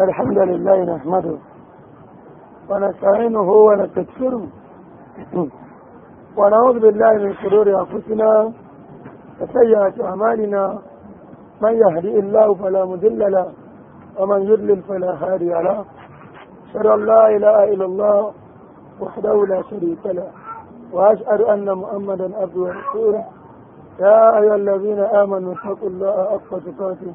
إن الحمد لله نحمده ونستعينه ونستغفره ونعوذ بالله من شرور أنفسنا وسيئات أعمالنا من يهدي الله فلا مضل له ومن يضلل فلا هادي له أشهد أن لا إله إلا الله وحده لا شريك له وأشهد أن محمدا عبده ورسوله يا أيها الذين آمنوا اتقوا الله حق تقاته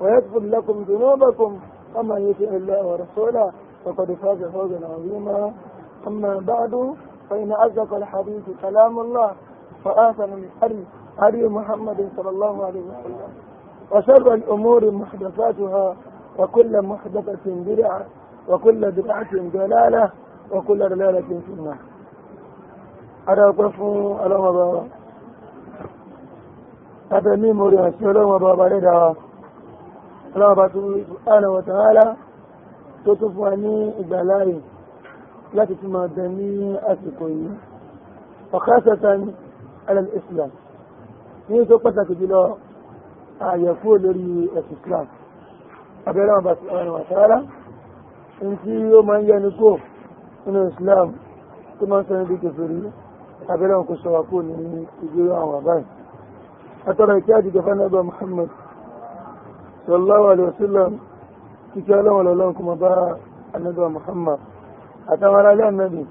ويغفر لكم ذنوبكم ومن يطع الله ورسوله فقد فاز فوزا عظيما أما بعد فإن أصدق الحديث كلام الله وآثر الحري هدي محمد صلى الله عليه وسلم وشر الأمور محدثاتها وكل محدثة بدعة وكل بدعة ضلالة وكل ضلالة في النار أدعوكم على مبارك أدعوكم على مبارك ọlọ́ọ̀bá tó rí ṣùgbọ́n wa ta'ala tó tún fún wa ní ìgbàláyè láti tún máa bẹ ní àsìkò yìí ọ̀kásẹ̀tàn alal islam ní tó pàtàkì jùlọ àyẹ̀fó lórí ẹ̀sìn islam abẹ́rẹ́ wọn bá ní tí ó máa ń yẹnu kó nínú islam tó máa ń sọ níbi kẹfẹ́rí abẹ́rẹ́ wọn kò sọ wà kó ní ìgbéró àwọn àbáyé. أترى كاتب فنبى محمد صلى الله عليه وسلم تكالا ولا لكم أبا النبي محمد أتوا على النبي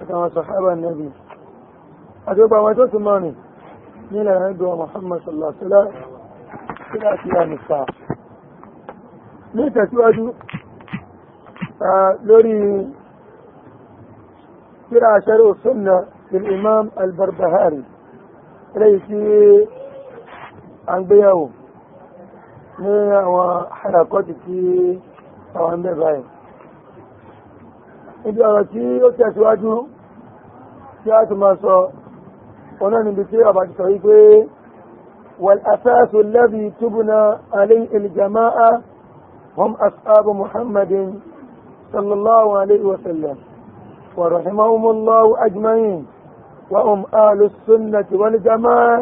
أتوا صحابة النبي أتوا بما تسمعني نيلا النبي محمد صلى الله عليه وسلم في أسئلة نساء ليس سؤالي آه، لوري كرا عشر سنة للإمام البربهاري ليس عن بيهو ní àwọn àràkọ́tì tí àwọn ń bẹ̀ báyìí níbi ọ̀rọ̀ tí ó tẹ̀síwájú tí a ti máa sọ ọ̀nà níbi tí ọba ti sọ yí pé والأساس الذي تبنى عليه الجماعة هم أصحاب محمد صلى الله عليه وسلم ورحمهم الله أجمعين وهم أهل السنة والجماعة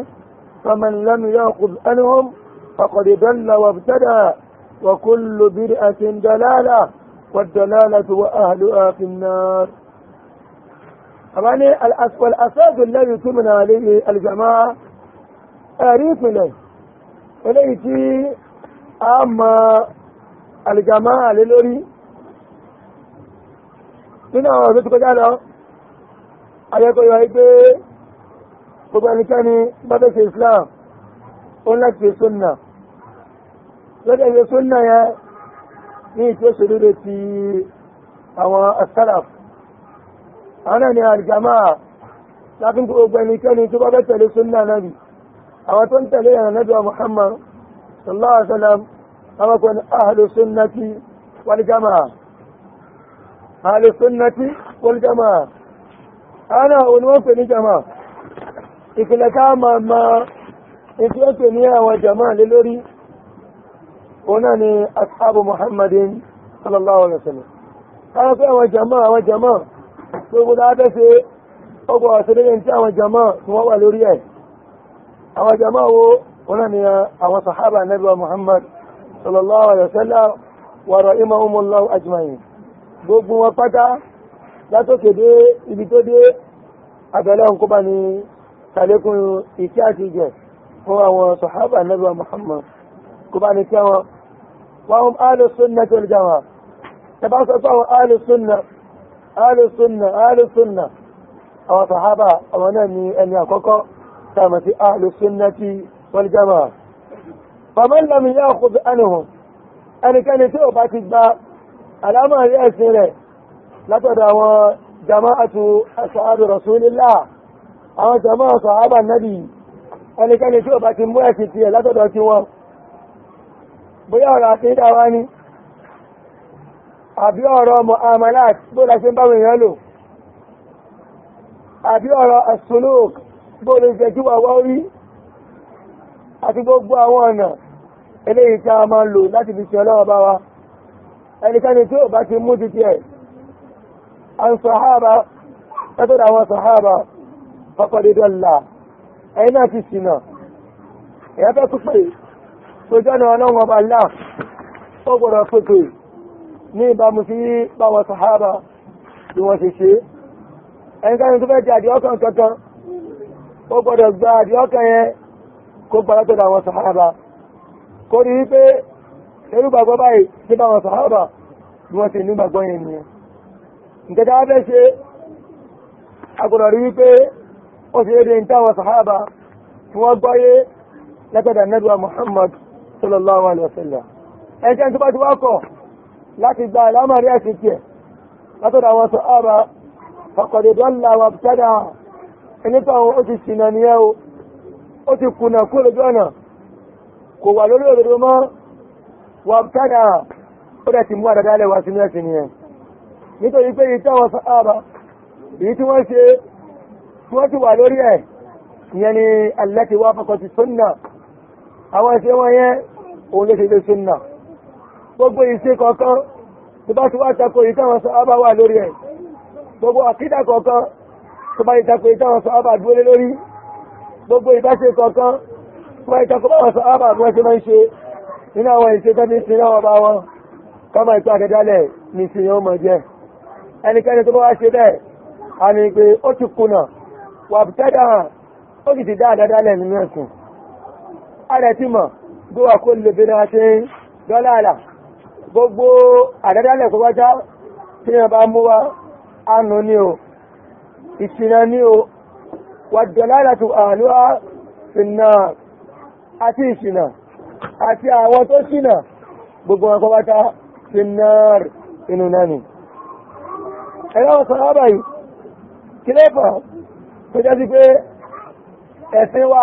فمن لم يأخذ عنهم فقد ضل وابتدى وكل بدعة دلالة والدلالة وأهلها في النار يعني والأساس الذي تمنى عليه الجماعة أريف له إليه أما الجماعة للوري من àwọn ọ̀dọ́ tó kọjá lọ ayẹ́kọ̀ọ́ yọ pé gbogbo ẹnikẹ́ni bá fẹ́ ṣe lọ́dọ̀ ìwé súnà yẹn ní ìtòsí lórí ti àwọn asálàf àwọn náà ni àlìjàmá láti gbogbo ẹnikẹ́ni tó bá fẹ́ tẹ̀lé súnà nábì àwọn tó ń tẹ̀lé yàrá nábì wa Muhammad sallallahu alaihi wa sallam àwọn kan ahlu sunnati wal jamaa ahlu sunnati wal jamaa òun wọ́n pè ní jamaa ìpìlẹ̀ ká máa ma ètò ní àwọn jamaa lé lórí ọ̀nà ni asáàbù muhammadin sallallahu alaihi wasallam káwọn fẹ́ àwọn jama àwọn jama gbogbo náà fẹ́ ṣe ọgbọ̀n àṣẹlẹ́yìn tí àwọn jama tí wọ́n wà lórí ẹ̀ àwọn jama wo ọ̀nà ni àwọn sahaba nabi wa muhammad sallallahu alaihi wasallam wa rahimahumullahu ajma'in gbogbo wọn pátá látòkè dé ibi tó dé abẹ́lẹ́ òǹkóbá ni sàlékún ìtí àti ìjẹ fún sahaba nabi wa muhammad kó bá ní kí àwọn وهم آل السنة الجماعة. تبعوا سأصعوا آل السنة آل السنة آل السنة أو صحابة أو نمي أن يقوقوا سامة أهل السنة والجماعة فمن لم يأخذ عنهم أن كان يتوب أتباع الأمر يأسره لتدعوا جماعة أصحاب رسول الله أو جماعة صحابة النبي أن كان يتوب أتباع لتدعوا bóyá ọ̀rọ̀ àkídà wá ní àbí ọ̀rọ̀ ọmọ amalat bóòlá ṣe ń bá wèèyàn lò àbí ọ̀rọ̀ asolok bóòlá ṣe jí wàwá orí àti gbogbo àwọn ọ̀nà eléyìí tí a máa lò láti fi ṣe ọlọ́wọ́ bá wa ẹnikẹ́ni tí ó bá ti mú ti ṣìnà ìyá fẹ́ tún pè ojú ọ̀nà ọlọ́run ọba ńlá ó gbọ́dọ̀ pèpè ní ìbámu sí báwọn sàhábà tí wọ́n ṣe ṣe ẹnikẹ́ni tó fẹ́ di àdìọ́kàn kankan ó gbọ́dọ̀ gba àdìọ́kàn yẹn kó gbọ́dọ̀ tó àwọn sàhábà kó rí wípé irú gbàgbọ́ báyìí sí báwọn sàhábà bí wọ́n ṣe ní gbàgbọ́ sallallahu alaihi wasallam ẹjẹ́ tó bá ti wá kọ̀ láti gba àlámàrí ẹ̀sìn tiẹ̀ látọ̀dọ̀ àwọn sọ ààbà ọkọ̀dẹ̀dọ́ làwà tẹ́dà ẹnìkan ó ti ṣìnà nìyẹn o ó ti kùnà kú lójú ọ̀nà kò wà lórí òdodo mọ́ wà tẹ́dà ó dẹ̀ ìyẹn ni alẹ́ ti ti sunnah àwọn ẹ̀ṣẹ̀ wọn yẹn òun lè ṣe lè ṣe nà gbogbo ìṣe kọ̀ọ̀kan tó bá ti wá tako èyí táwọn sàhábà wà lórí ẹ̀ gbogbo àkídà kọ̀ọ̀kan tó bá ìtako èyí táwọn sàhábà dúró lé lórí gbogbo ìbáṣe kọ̀ọ̀kan tó bá ìtako báwọn sàhábà bí wọ́n ṣe máa ń ṣe nínú àwọn ìṣe tó ní sí náà wọn bá wọn ìtọ́ àkẹ́dálẹ̀ ní ìṣe yẹn ó mọ̀ jẹ́ ẹnikẹ́ni tó bá wá ṣe bẹ́ẹ̀ a ní pé ó ti kùnà wà bùtẹ́dà ó sì ti dáadáa dálẹ̀ nínú ẹ̀sìn ààrẹ ti mọ̀ gbówà kó lè bẹ̀rẹ̀ àti dọ́là àlà gbogbo àdádálẹ̀ kó wájá tí wọ́n bá mú wa àánú ní o ìṣìnà ní o wà dọ̀là àlà tó àánú á fìnà àti ìṣìnà àti àwọn tó ṣìnà gbogbo wọn kó wájá inú náà ni ẹ̀rọ ọ̀sán ábàyí kílẹ̀pọ̀ ẹ̀sìn wa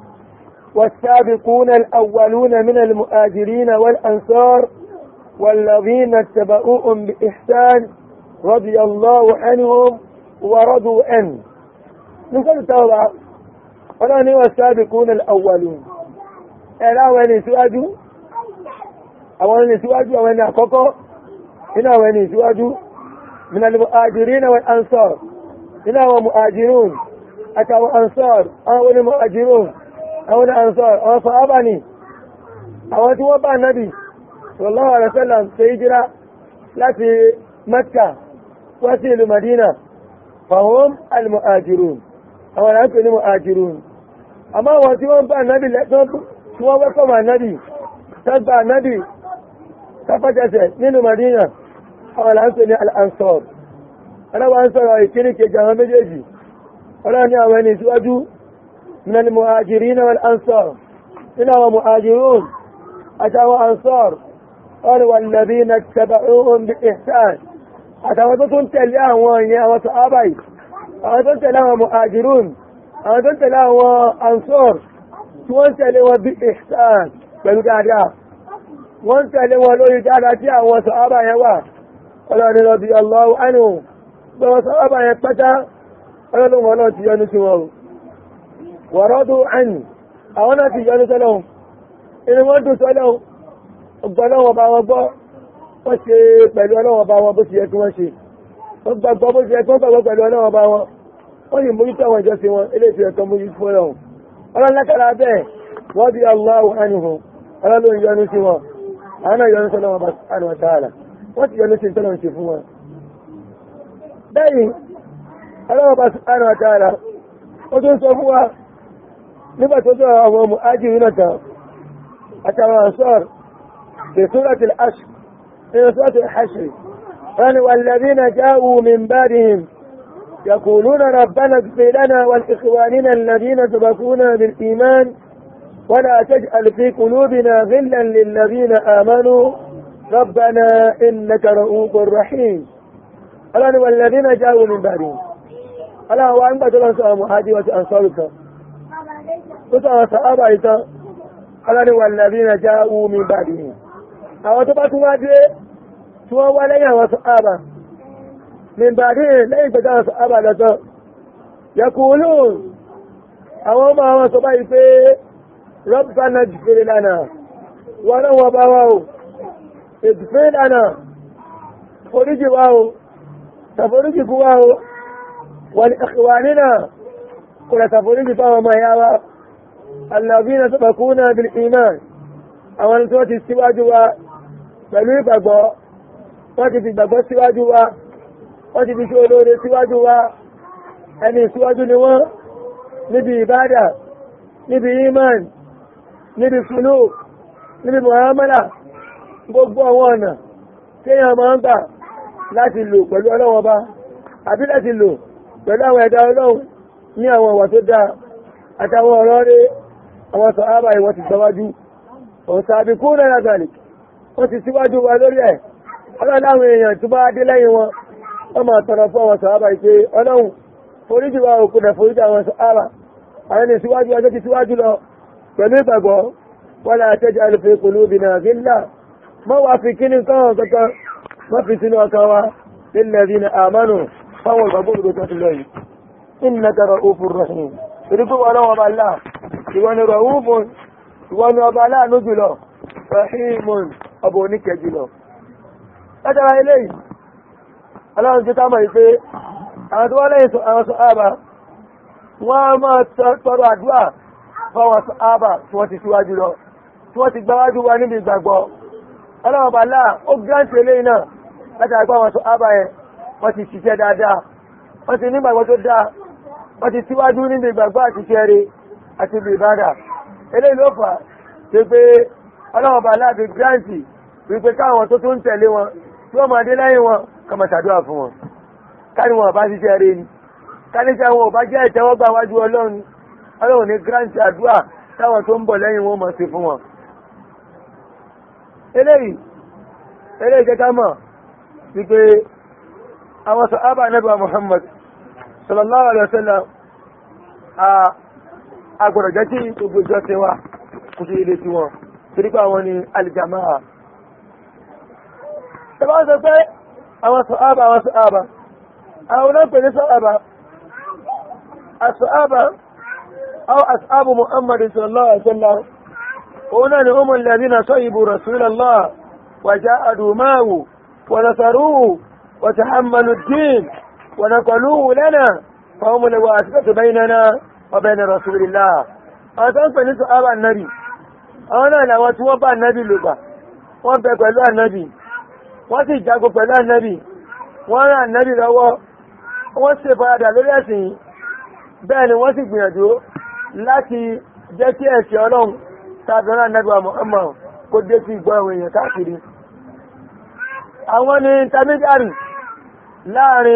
والسابقون الأولون من المؤاجرين والأنصار والذين اتبعوهم بإحسان رضي الله عنهم ورضوا عنه نقول توبة أنا نوى السابقون الأولون ألا وين سواجو أولا سواجو أولا أقوكو هنا وين سواجو من المؤاجرين والأنصار هنا ومؤاجرون أتوا أنصار أول مؤاجرون àwọn ansar àwọn sọ̀hábà ni àwọn tí wọ́n bá nábì sallallahu alaihi wasallam ṣe hijira láti Mẹ́kà wá sí ìlú Madina fahum al-mu'ajirun àwọn aláǹkè ní mu'ajirun àmọ́ àwọn tí wọ́n bá nábì tí wọ́n wẹ́kọ̀ Madina àwọn aláǹkè ní al-ansar ọlọ́wọ́ ń sọ̀rọ̀ ìkíní kejì àwọn méjèèjì من المهاجرين والأنصار إنهم مهاجرون أتوا أنصار قال والذين اتبعوهم بإحسان أتوا تنت الآن وانيا وصحابي أتنت لهم مهاجرون أتنت لهم أنصار تنت لهم بإحسان بلغاريا وانت لهم لو جارتيا وصحابي هوا قال رضي الله عنه وصحابي فتا قال لهم ولا تيانسوا wọ̀rọ́dù àní àwọn náà ti yọnu tọ́lọ́hun inú wọ́n dùn tọ́lọ́hun ọgbà lọ́wọ́ bá wọn gbọ́ wọ́n ṣe pẹ̀lú ọlọ́wọ́ bá wọn bó ti yẹ kí wọ́n ṣe wọ́n gbàgbọ́ bó ti yẹ kí wọ́n gbàgbọ́ pẹ̀lú ọlọ́wọ́ bá wọn wọ́n yìí mójútó àwọn ìjọsìn wọn eléyìí ẹ̀kọ́ mójútó fún ọlọ́hun ọlọ́lákàrà bẹ́ẹ̀ wọ́n bí Allahu bá sánú ọ̀tààlà wọ́n ó tún sọ fún wa لما تزور أمام àwọn هناك náà أسار في سورة fi في سورة الحشر قال والذين جاءوا من بعدهم يقولون ربنا اغفر لنا ولإخواننا الذين سبقونا بالإيمان ولا تجعل في قلوبنا غلا للذين آمنوا ربنا إنك رؤوف رحيم قال والذين جاءوا من بعدهم ألا وأن بدل أنصار أنصارك tó tàwọn sàábà ìtàn aláríwà nàbínà já omi bàdì ni àwọn tó bá tún wá dé tí wọ́n wá lẹ́yìn àwọn sàábà ní bàdì lẹ́yìn ìgbẹ̀dá àwọn sàábà lọ́tọ́ yẹkùnlù àwọn ọmọ àwọn sọ báyìí pé rọ́bùsánà jùfèrè lánàá wọn náà wọ́n bá wá o lánàá foríjì wá tàforíjì kú wá o nínà kò lè tàforíjì fáwọn ọmọ ìyá الذين سبقونا بالإيمان àwọn tí wọ́n ti síwájú wa pẹ̀lú ìgbàgbọ́ wọ́n ti fi gbàgbọ́ síwájú wa wọ́n ti fi ṣe olóore síwájú wa ẹni síwájú ni wọ́n níbi ìbádà níbi iman níbi fúlù níbi muhammadu gbogbo àwọn ọ̀nà kéèyàn máa ń gbà láti lò pẹ̀lú ọlọ́wọ́n bá àbí láti lò pẹ̀lú àwọn ẹ̀dá ọlọ́run ní àwọn ìwà tó dáa àtàwọn ọ̀rọ̀ rẹ̀ àwọn sàhábà ìwọ̀n ti sọwájú òǹsàbí kú náà nàgbàlì wọ́n ti síwájú wa lórí ẹ̀ ọlọ́láwọn èèyàn tó bá dé lẹ́yìn wọn wọ́n máa tọrọ fún àwọn sàhábà ìpè ọlọ́run foríjì wa òkú náà foríjì àwọn sàhábà àwọn ènìyàn síwájú ọjọ́ ti síwájú lọ pẹ̀lú ìgbàgbọ́ wọ́n lè àtẹ́jọ́ alùpùpù qulubina ghilla mọ́ wá fi kíní torí pé wọ́n lọ́wọ́ ọba náà ìwọ ni rọ̀húnmùn ìwọ ni ọba aláàánú jùlọ rọ̀hímùn ọba oníkẹ jùlọ. látara eléyìí aláàánú ti támọ̀ yìí pé àwọn tó wọ́n lẹ́yìn àwọn sọ ààbà wọ́n á máa tọrọ àdúrà fáwọn sọ ààbà tí wọ́n ti síwájú lọ tí wọ́n ti gbáwájú wa níbi ìgbàgbọ́ wọ́n ti síwájú níbi ìgbàgbọ́ àti ṣẹ́rí àti ibi ìbádà eléyìí ló fà ṣe pé ọlọ́run bá láàbí gíráǹtì wípé káwọn tó tún tẹ̀lé wọn tí wọ́n máa dé lẹ́yìn wọn ká máa ṣàdúrà fún wọn káni wọn bá ṣiṣẹ́ rí ni káni tí àwọn ò bá jẹ́ ìtẹ́wọ́gbà wájú ọlọ́run ọlọ́run ní gíráǹtì àdúrà táwọn tó ń bọ̀ lẹ́yìn wọn máa ṣe fún wọn. eléyìí eléyìí kẹta mọ̀ wípé àwọn sọ ábà nẹ́bà Muhammad sallallahu alaihi wasallam agbọ̀dọ̀ jẹ́ kí gbogbo ìjọ ti wá kò sí ilé tiwọn torí pé àwọn ni alìjàmáà ṣe bá sọ pé àwọn sọ̀ábà àwọn sọ̀ábà àwọn náà pèlè sọ̀ábà asọ̀ábà àwọn asọ̀ábù muhammadu sallallahu alaihi wasallam òun náà ni umar ladina sahibu rasulallah wa ja'adu ma'ahu wa nasaruhu wa tahammalu din ونقلوه لنا فهم الواسطة بيننا وبين رسول الله أتنقل نسأل النبي أنا لو أتوبى النبي لك wọ́n bẹ pẹ̀lú ànábì wọ́n sì jago pẹ̀lú ànábì wọ́n rán ànábì lọ́wọ́ wọ́n ṣe faradà lórí ẹ̀sìn bẹ́ẹ̀ ni wọ́n si gbìyànjú láti jẹ́ kí ẹ̀sìn ọlọ́run tàbí rán ànábì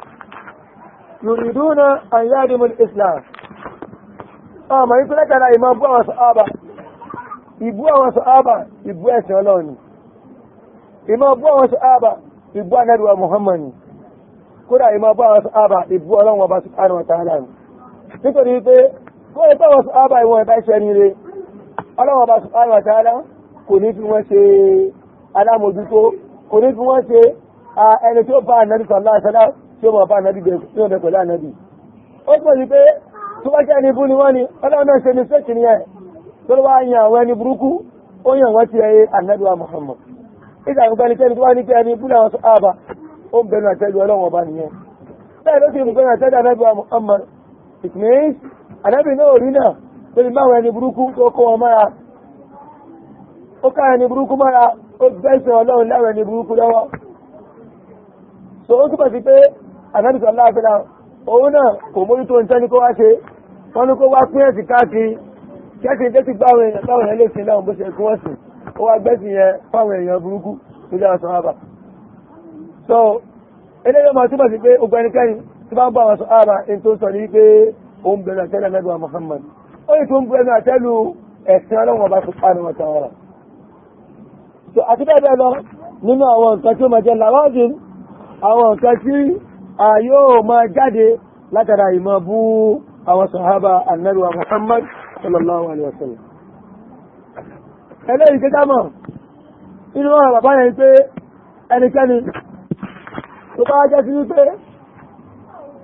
يريدون أن يهدموا الإسلام آه ما يقول لك أنا إمام بوا وصحابة إبوا وصحابة إبوا سولوني إمام بوا وصحابة إبوا ندوى محمد kódà ìmọ̀ bá wọn sábà ìbú ọlọ́run ọba subhanahu wa ta'ala nítorí pé kó ẹ bá wọn sábà ìwọ̀n ẹ̀bá iṣẹ́ nílé ọlọ́run ọba subhanahu wa ta'ala kò ní fi wọ́n ṣe alámòjútó kò ní fi wọ́n ṣe ẹni tó bá ànábì sallallahu alaihi wasallam tí ó mọ̀ bá ànábì tí ó bẹ pẹ̀lú ànábì ó pọ̀ sí pé tó bá jẹ́ ẹni bú ni wọ́n ni ọlọ́run náà ṣe ní fẹ́ẹ̀kì ni ẹ̀ tó ló wá àwọn ẹni burúkú ó yan wọ́n ti ẹyẹ ànábì wa Muhammad ìgbà gbogbo ẹnikẹ́ni tó wá ní pé ẹni bú làwọn sọ́ọ́bà ó ń bẹnu àtẹ́lu ọlọ́run ọba nìyẹn Muhammad it means ànábì náà rí náà tó ní báwọn ẹni burúkú tó kó wọn mára ó ká ẹni burúkú mára ó so ó túbọ̀ sí pé ànábìsọ̀ aláàfẹ́lá òun náà kò mójútó ń tẹ́ni kó wá ṣe wọ́n ní kó wá pín ẹ̀sìn káàkiri kẹ́sì ń tẹ́sí gbáwọn èèyàn táwọn èèyàn lè sin láwọn bó ṣe kí wọ́n sìn ó wá gbẹ́sìn yẹn fáwọn èèyàn burúkú nílé àwọn sọ̀hábà so eléyìí máa túmọ̀ sí pé ogun ẹnikẹ́ni tí bá ń bá àwọn sọ̀hábà ń tó sọ ní pé ó ń bẹ̀rẹ̀ àtẹ́lẹ̀ mẹ́gbàá Muhammad ó yìí tó ń bẹ̀rẹ̀ àtẹ́lù ẹ̀sìn ọlọ́run ọba tó pàdé wọn tàwọn ọ̀rọ̀ so àti bẹ́ẹ̀ bẹ́ẹ̀ lọ nínú àwọn nǹkan tí ó máa jẹ́ làwájú àwọn nǹkan tí a yóò máa jáde látara ìmọ̀ bú àwọn sàhábà annabi wa muhammad sallallahu alaihi wasallam ẹlẹ́yìn kíkà mọ̀ inú wọn bàbá yẹn pé ẹnikẹ́ni tó bá jẹ́ sí wípé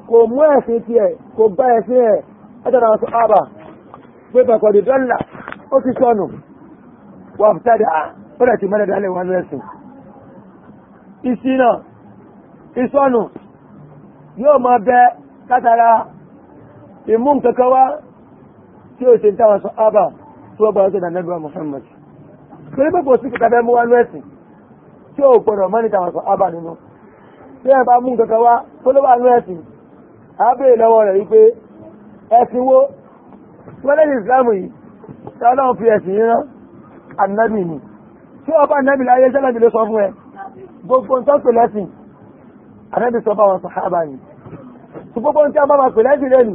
kò mú ẹ̀sìn tiẹ̀ kò bá ẹ̀sìn ẹ̀ látara àwọn sàhábà pé bàkọ̀dì dọ́là ó ti sọnù wà fúta ó dẹ̀ ti mẹ́rẹ̀ẹ́dálẹ̀ wọn lẹ́sìn ìsinà ìsọnù yóò máa bẹ kátara ìmú nǹkankan wá tí ó ṣe ń táwọn sọ ábà tí wọ́n gbọ́dọ̀ tó dà nẹ́gbẹ̀rún Muhammad torí pé kò sí kìtà bẹ́ẹ̀ mú wá lẹ́sìn tí ó gbọ́dọ̀ mọ́ ní táwọn sọ ábà nínú tí ẹ bá mú nǹkankan wá tó ló wà lẹ́sìn àbẹ̀ lọ́wọ́ rẹ̀ wípé ẹ̀sìn wo wọ́n lẹ́yìn ìsìlámù yìí tí ọlọ́run fi ẹ̀sìn yìí rán ànábì ni tí ọba ànábì láyé sẹ́lẹ̀ àrẹ́bí sọ fáwọn sọ̀hábà ni tí gbogbo ń tí a bá máa pè lẹ́sìn lẹ́nu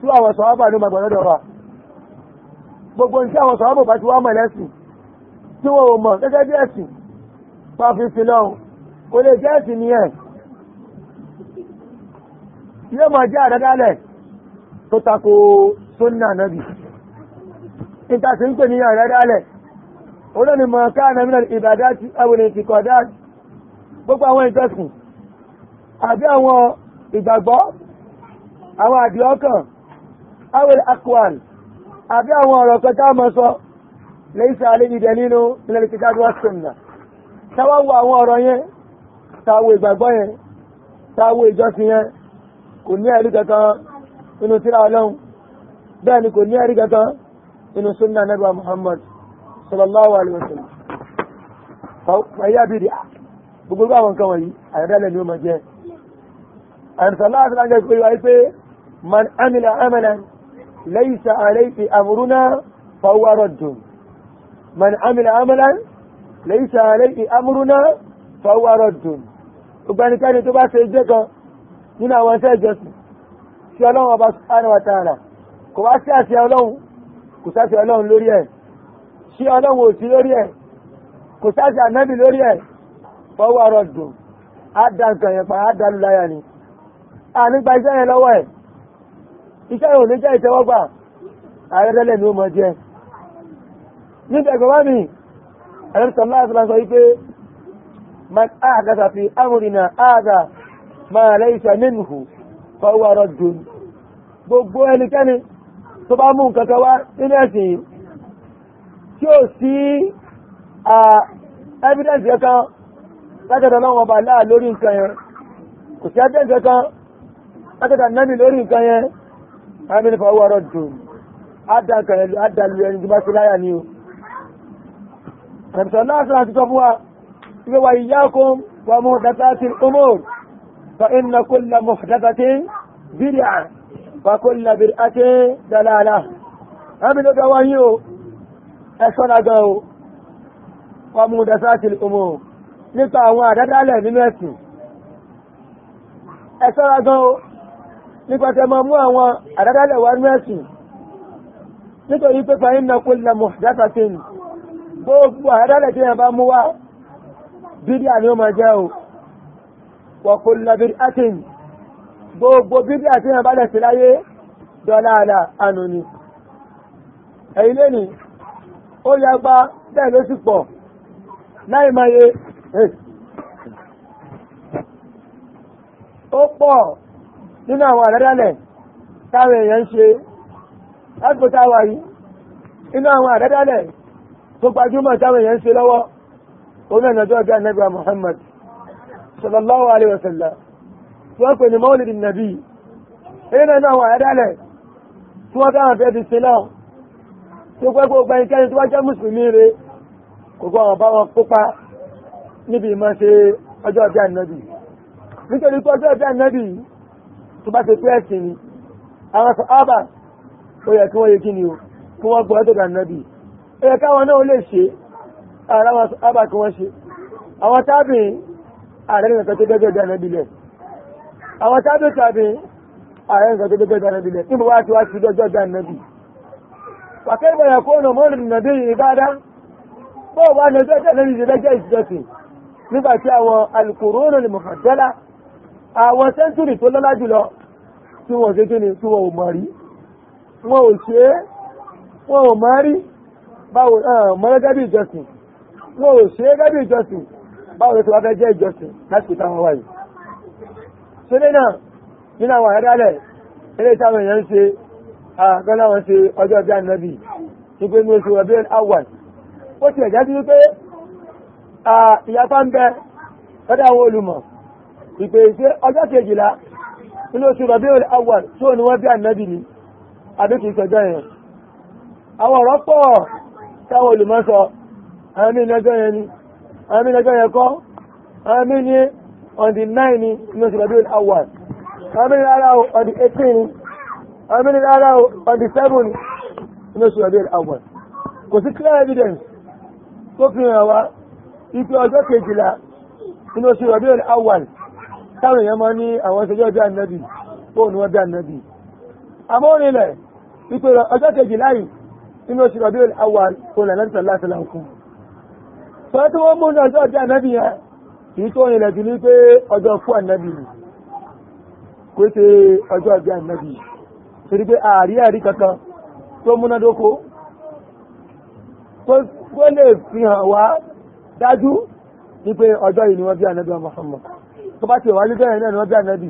tí àwọn sọ̀hábà ló máa gbọ́dọ̀ wa gbogbo ń tí àwọn sọ̀hábà bá ti wá mọ̀ lẹ́sìn tí wọn ò mọ̀ gẹ́gẹ́ bí ẹ̀sìn pa fi fi lọ́hùn kò lè jẹ́ ẹ̀sìn ni ẹ̀ yóò máa jẹ́ àdádálẹ̀ tó tako sunna nabi níta sì ń pè ní àdádálẹ̀ olóòní mọ̀ káà nàmínà ìbàdá àwòrán ìtìkọ̀dá gbogbo àwọn ìjọsìn àbí àwọn ìgbàgbọ́ àwọn àdì ọkàn awel akwal àbí àwọn ọ̀rọ̀ kan tá a mọ̀ sọ lẹ́yìn sàálẹ́ ìdẹ nínú ilẹ̀ kitabi wa sunna táwọn wo àwọn ọ̀rọ̀ yẹn táwọn ìgbàgbọ́ yẹn táwọn ìjọsìn yẹn kò ní ẹ̀rí kankan nínú tírà ọlọ́run bẹ́ẹ̀ ni kò ní ẹ̀rí kankan nínú sunna nàbà muhammad sallallahu alayhi wa sallam. fàyà bìrì gbogbo àwọn nǹkan wọ̀nyí àyàdálẹ̀ ni ó jẹ́ àìsànlá àti láńjẹ́ pé wáyé pé man amila amalan laysa alayhi amruna fahuwa raddun man amila amalan laysa alayhi amruna fahuwa raddun ìgbànikẹ́ni tó bá ṣe jẹ́ kan nínú àwọn iṣẹ́ ìjọsìn tí ọlọ́run ọba subhanahu wa ta'ala kò wá sí àṣẹ ọlọ́run kò sáṣẹ ọlọ́run lórí ànígbà iṣẹ́ yẹn lọ́wọ́ ẹ̀ iṣẹ́ yẹn ò ní jẹ́ ìtẹ́wọ́gbà àrẹ́rẹ́lẹ̀ ni ó mọ̀ jẹ́ níbi ẹ̀gbọ́n bá mi ẹ̀rọ sọ̀lá àti láńsọ wípé man àgàtà fi amúrinà àgà máa lẹ́ iṣẹ́ nínú fọwọ́ ọ̀rọ̀ dùn gbogbo ẹnikẹ́ni evidence kankan látọ̀dọ̀ náà wọn bá láà lórí evidence kankan látọ̀dà nẹ́bì lórí nǹkan yẹn amílì fọwọ́ ọ̀rọ̀ dùn ádàlù ẹni tó bá sí láyà ni o ẹ̀bùsọ̀ láàrín àti sọ fún wa ilé wa iyyakum wa muhdathatil umur fa inna kulla muhdathatin bid'a wa kulla bid'atin dalalah amílì ọjọ́ wa yín o ẹ̀ṣọ́ na gan o wa muhdathatil umur nípa àwọn àdádálẹ̀ nínú ẹ̀sìn ẹ̀ṣọ́ra gan o nípa tẹ máa mú àwọn àdádálẹ̀ wa nú ẹ̀sìn nítorí pé fa inna kulla muhdathatin gbogbo àdádálẹ̀ tí yẹn bá mú wá bídíà ni ó máa jẹ́ o wa kulla bid'atin gbogbo bídíà tí yẹn bá lẹ̀ sí láyé dọ́láàlà bẹ́ẹ̀ ló sì pọ̀ láì máa yẹ eh. ó pọ̀ nínú àwọn àdádálẹ̀ táwọn èèyàn ń ṣe lásìkò táwà yìí nínú àwọn àdádálẹ̀ tó gbajúmọ̀ táwọn èèyàn ń ṣe lọ́wọ́ oní ẹ̀nàjọ́ ọjọ́ anẹ́gbà Muhammad sallallahu alaihi wasallam tí wọ́n pè ní mọ́lìdì nàbí nínú ẹ̀nà àwọn àdádálẹ̀ tí wọ́n táwọn fẹ́ fi ṣe náà tó pẹ́ kó gbẹ̀yìn tó bá ṣe pé ẹ̀sìn ni àwọn sàhábà ó yẹ kí wọ́n yẹ kí ni o kí wọ́n gbọ́ ẹ́dọ̀dà nàbì ó yẹ káwọn náà lè ṣe ara wọn sàhábà kí wọ́n ṣe àwọn tábìín ààrẹ nìkan tó dẹ́gbẹ́ dà nàbì lẹ̀ àwọn tábìín tábìín ààrẹ nìkan tó dẹ́gbẹ́ dà nàbì lẹ̀ níbo wá ti wá sí dọ́jọ́ dà nàbì wàkẹ́ bẹ̀rẹ̀ kó nà mọ́rin nàbí ìbádá bọ́ọ̀ wá nàbí ọjọ́ nàbì ìjẹ́jẹ́ ìjọsìn nígbà tí àwọn alukòrónà lè mọ̀kàndẹ́lá àwọn sẹ́ńtúrì tó lọ́lá jùlọ tí wọ́n ṣe kí ni tí wọ́n ò mọ̀ rí wọ́n ò ṣe é wọ́n ò mọ̀ rí báwo mọ́lẹ́ gẹ́bí ìjọsìn wọ́n ò ṣe é gẹ́bí ìjọsìn báwo ló ti wá fẹ́ jẹ́ ìjọsìn láti pè táwọn wáyé ṣe lé náà nínú àwọn àyádálẹ̀ ilé ìtàwọn èèyàn ń ṣe àgbọ́n láwọn ṣe ọjọ́ bí ànábì nígbé ní oṣù ọbẹ̀ àwọn ó ti ẹ̀já sí wípé ìyapa ń bẹ àwọn olùmọ̀ ìpè ṣe ọjọ́ kejìlá nínú oṣù Rabiul Awwal tó ní wọ́n bí ànábì ni àbí kìí sọjọ́ yẹn àwọn ọ̀rọ̀ pọ̀ táwọn olùmọ́sọ àmì ìlẹ́jọ́ ni àmì ìlẹ́jọ́ yẹn kọ́ àmì on the nine ni nínú oṣù Rabiul Awwal àmì ní rárá o on the eighteen ni àmì ní rárá o on the seven ni nínú oṣù Rabiul Awwal kò sí clear evidence tó fi hàn wá ipe ọjọ́ kejìlá nínú oṣù Rabiul Awwal táwọn èèyàn máa ní àwọn ìṣẹ́jọ́ ọjọ́ ànábì fóònù ọjọ́ ànábì amóhùnilẹ̀ wípé ọjọ́ kejì láì nínú oṣù rọ̀bí àwà olè lẹ́sẹ̀ láti là ń fún sọ tí wọ́n mú ní ọjọ́ ọjọ́ ànábì yẹn kìí tó rìnlẹ̀ jù ní pé ọjọ́ fún ànábì ni kò ṣe ọjọ́ ọjọ́ ànábì torí pé ààrí ẹ̀rí kankan tó múnádóko tó lè fi hàn wá dájú wípé ọjọ́ yìí ni wọ́n bí ànábì Muhammad tó bá ti wà nígbà yẹn náà ni wọ́n bí ànábì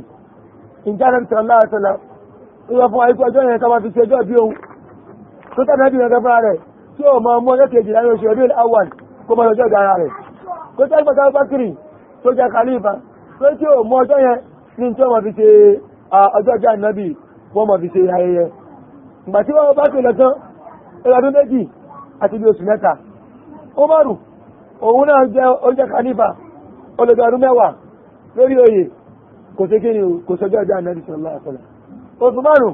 ǹjẹ́ ànábì sọ̀rọ̀ láàá sọ̀lá ó yọ fún àìkú ọjọ́ yẹn ká máa fi ṣe ọjọ́ bí òun tó tẹ̀ ànábì yẹn gẹ́gẹ́ rẹ̀ tí ó máa mú ọjọ́ kejì láyé oṣù ọdún awan kó máa lọ́jọ́ ìdára rẹ̀ kó tẹ́ ìgbà táwọn bákìrì tó jẹ́ kàlífà pé tí ó mú ọjọ́ yẹn ní tí wọ́n máa fi ṣe ayẹyẹ ìgbà tí wọ́n bá pè lọ́tán ọdún méjì àti bí oṣù mẹ́ta ó márùn òun náà jẹ́ oúnjẹ kàlífà olùdó ọdún mẹ́wàá lórí oyè kò sí kí ni o kò sọjọ́ ọjọ́ ànábì sallallahu alaihi wasallam osùmánù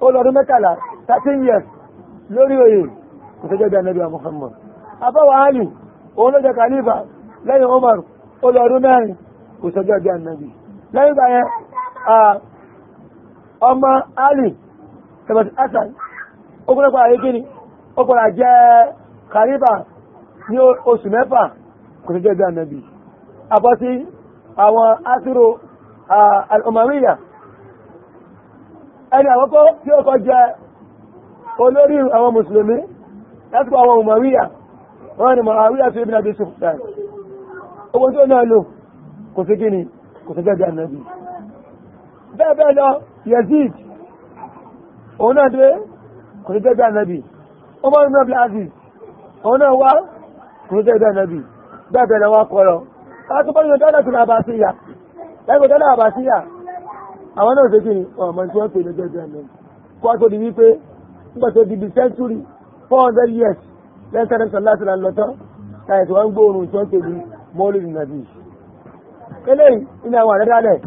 ó lọ́dún mẹ́tàlá thirteen years lórí oyè kò sọjọ́ ọjọ́ ànábì Muhammad afọwọ́ ali òun ló jẹ kàlífà lẹ́yìn Umar ó lọ́dún mẹ́rin kò sọjọ́ ọjọ́ ànábì lẹ́yìn ìgbà yẹn ọmọ ali tẹ̀bọ̀tì hasan ó kúrẹ́ padà yé kí ni ó padà jẹ́ kàlífà ní oṣù mẹ́fà kò sọjọ́ ọjọ́ ànábì abọ́sí àwọn asiru al'umariya ẹni àkọ́kọ́ tí ó kọ jẹ olórí àwọn musulmi lásìkò àwọn umariya wọ́n ni ma'ariya tó ibi na bí sufistan owó tó náà lò kò sí gini kò sí gẹ́gẹ́ annabi bẹ́ẹ̀bẹ́ẹ̀ lọ yazid òun náà dé kò sí gẹ́gẹ́ annabi umar ibn abdul òun náà wá kò sí gẹ́gẹ́ annabi bẹ́ẹ̀bẹ́ẹ̀ lọ wá kọ́ káàkiri bá yóò dáadáa tún àbáṣíyà lẹ́gbẹ̀ẹ́ dáadáa àbáṣíyà àwọn náà ṣe kí ni ọmọ tí wọ́n pè ní jẹ́jẹ́ ẹ̀mẹ́ kó tó di wípé nígbà tó di bí century four hundred years lẹ́yìn sẹ́dẹ̀ sọ̀lá sí làn lọ́tọ́ láì tí wọ́n ń gbóòórùn tí wọ́n pè ní mọ́lì nàbí eléyìí ní àwọn àdádálẹ̀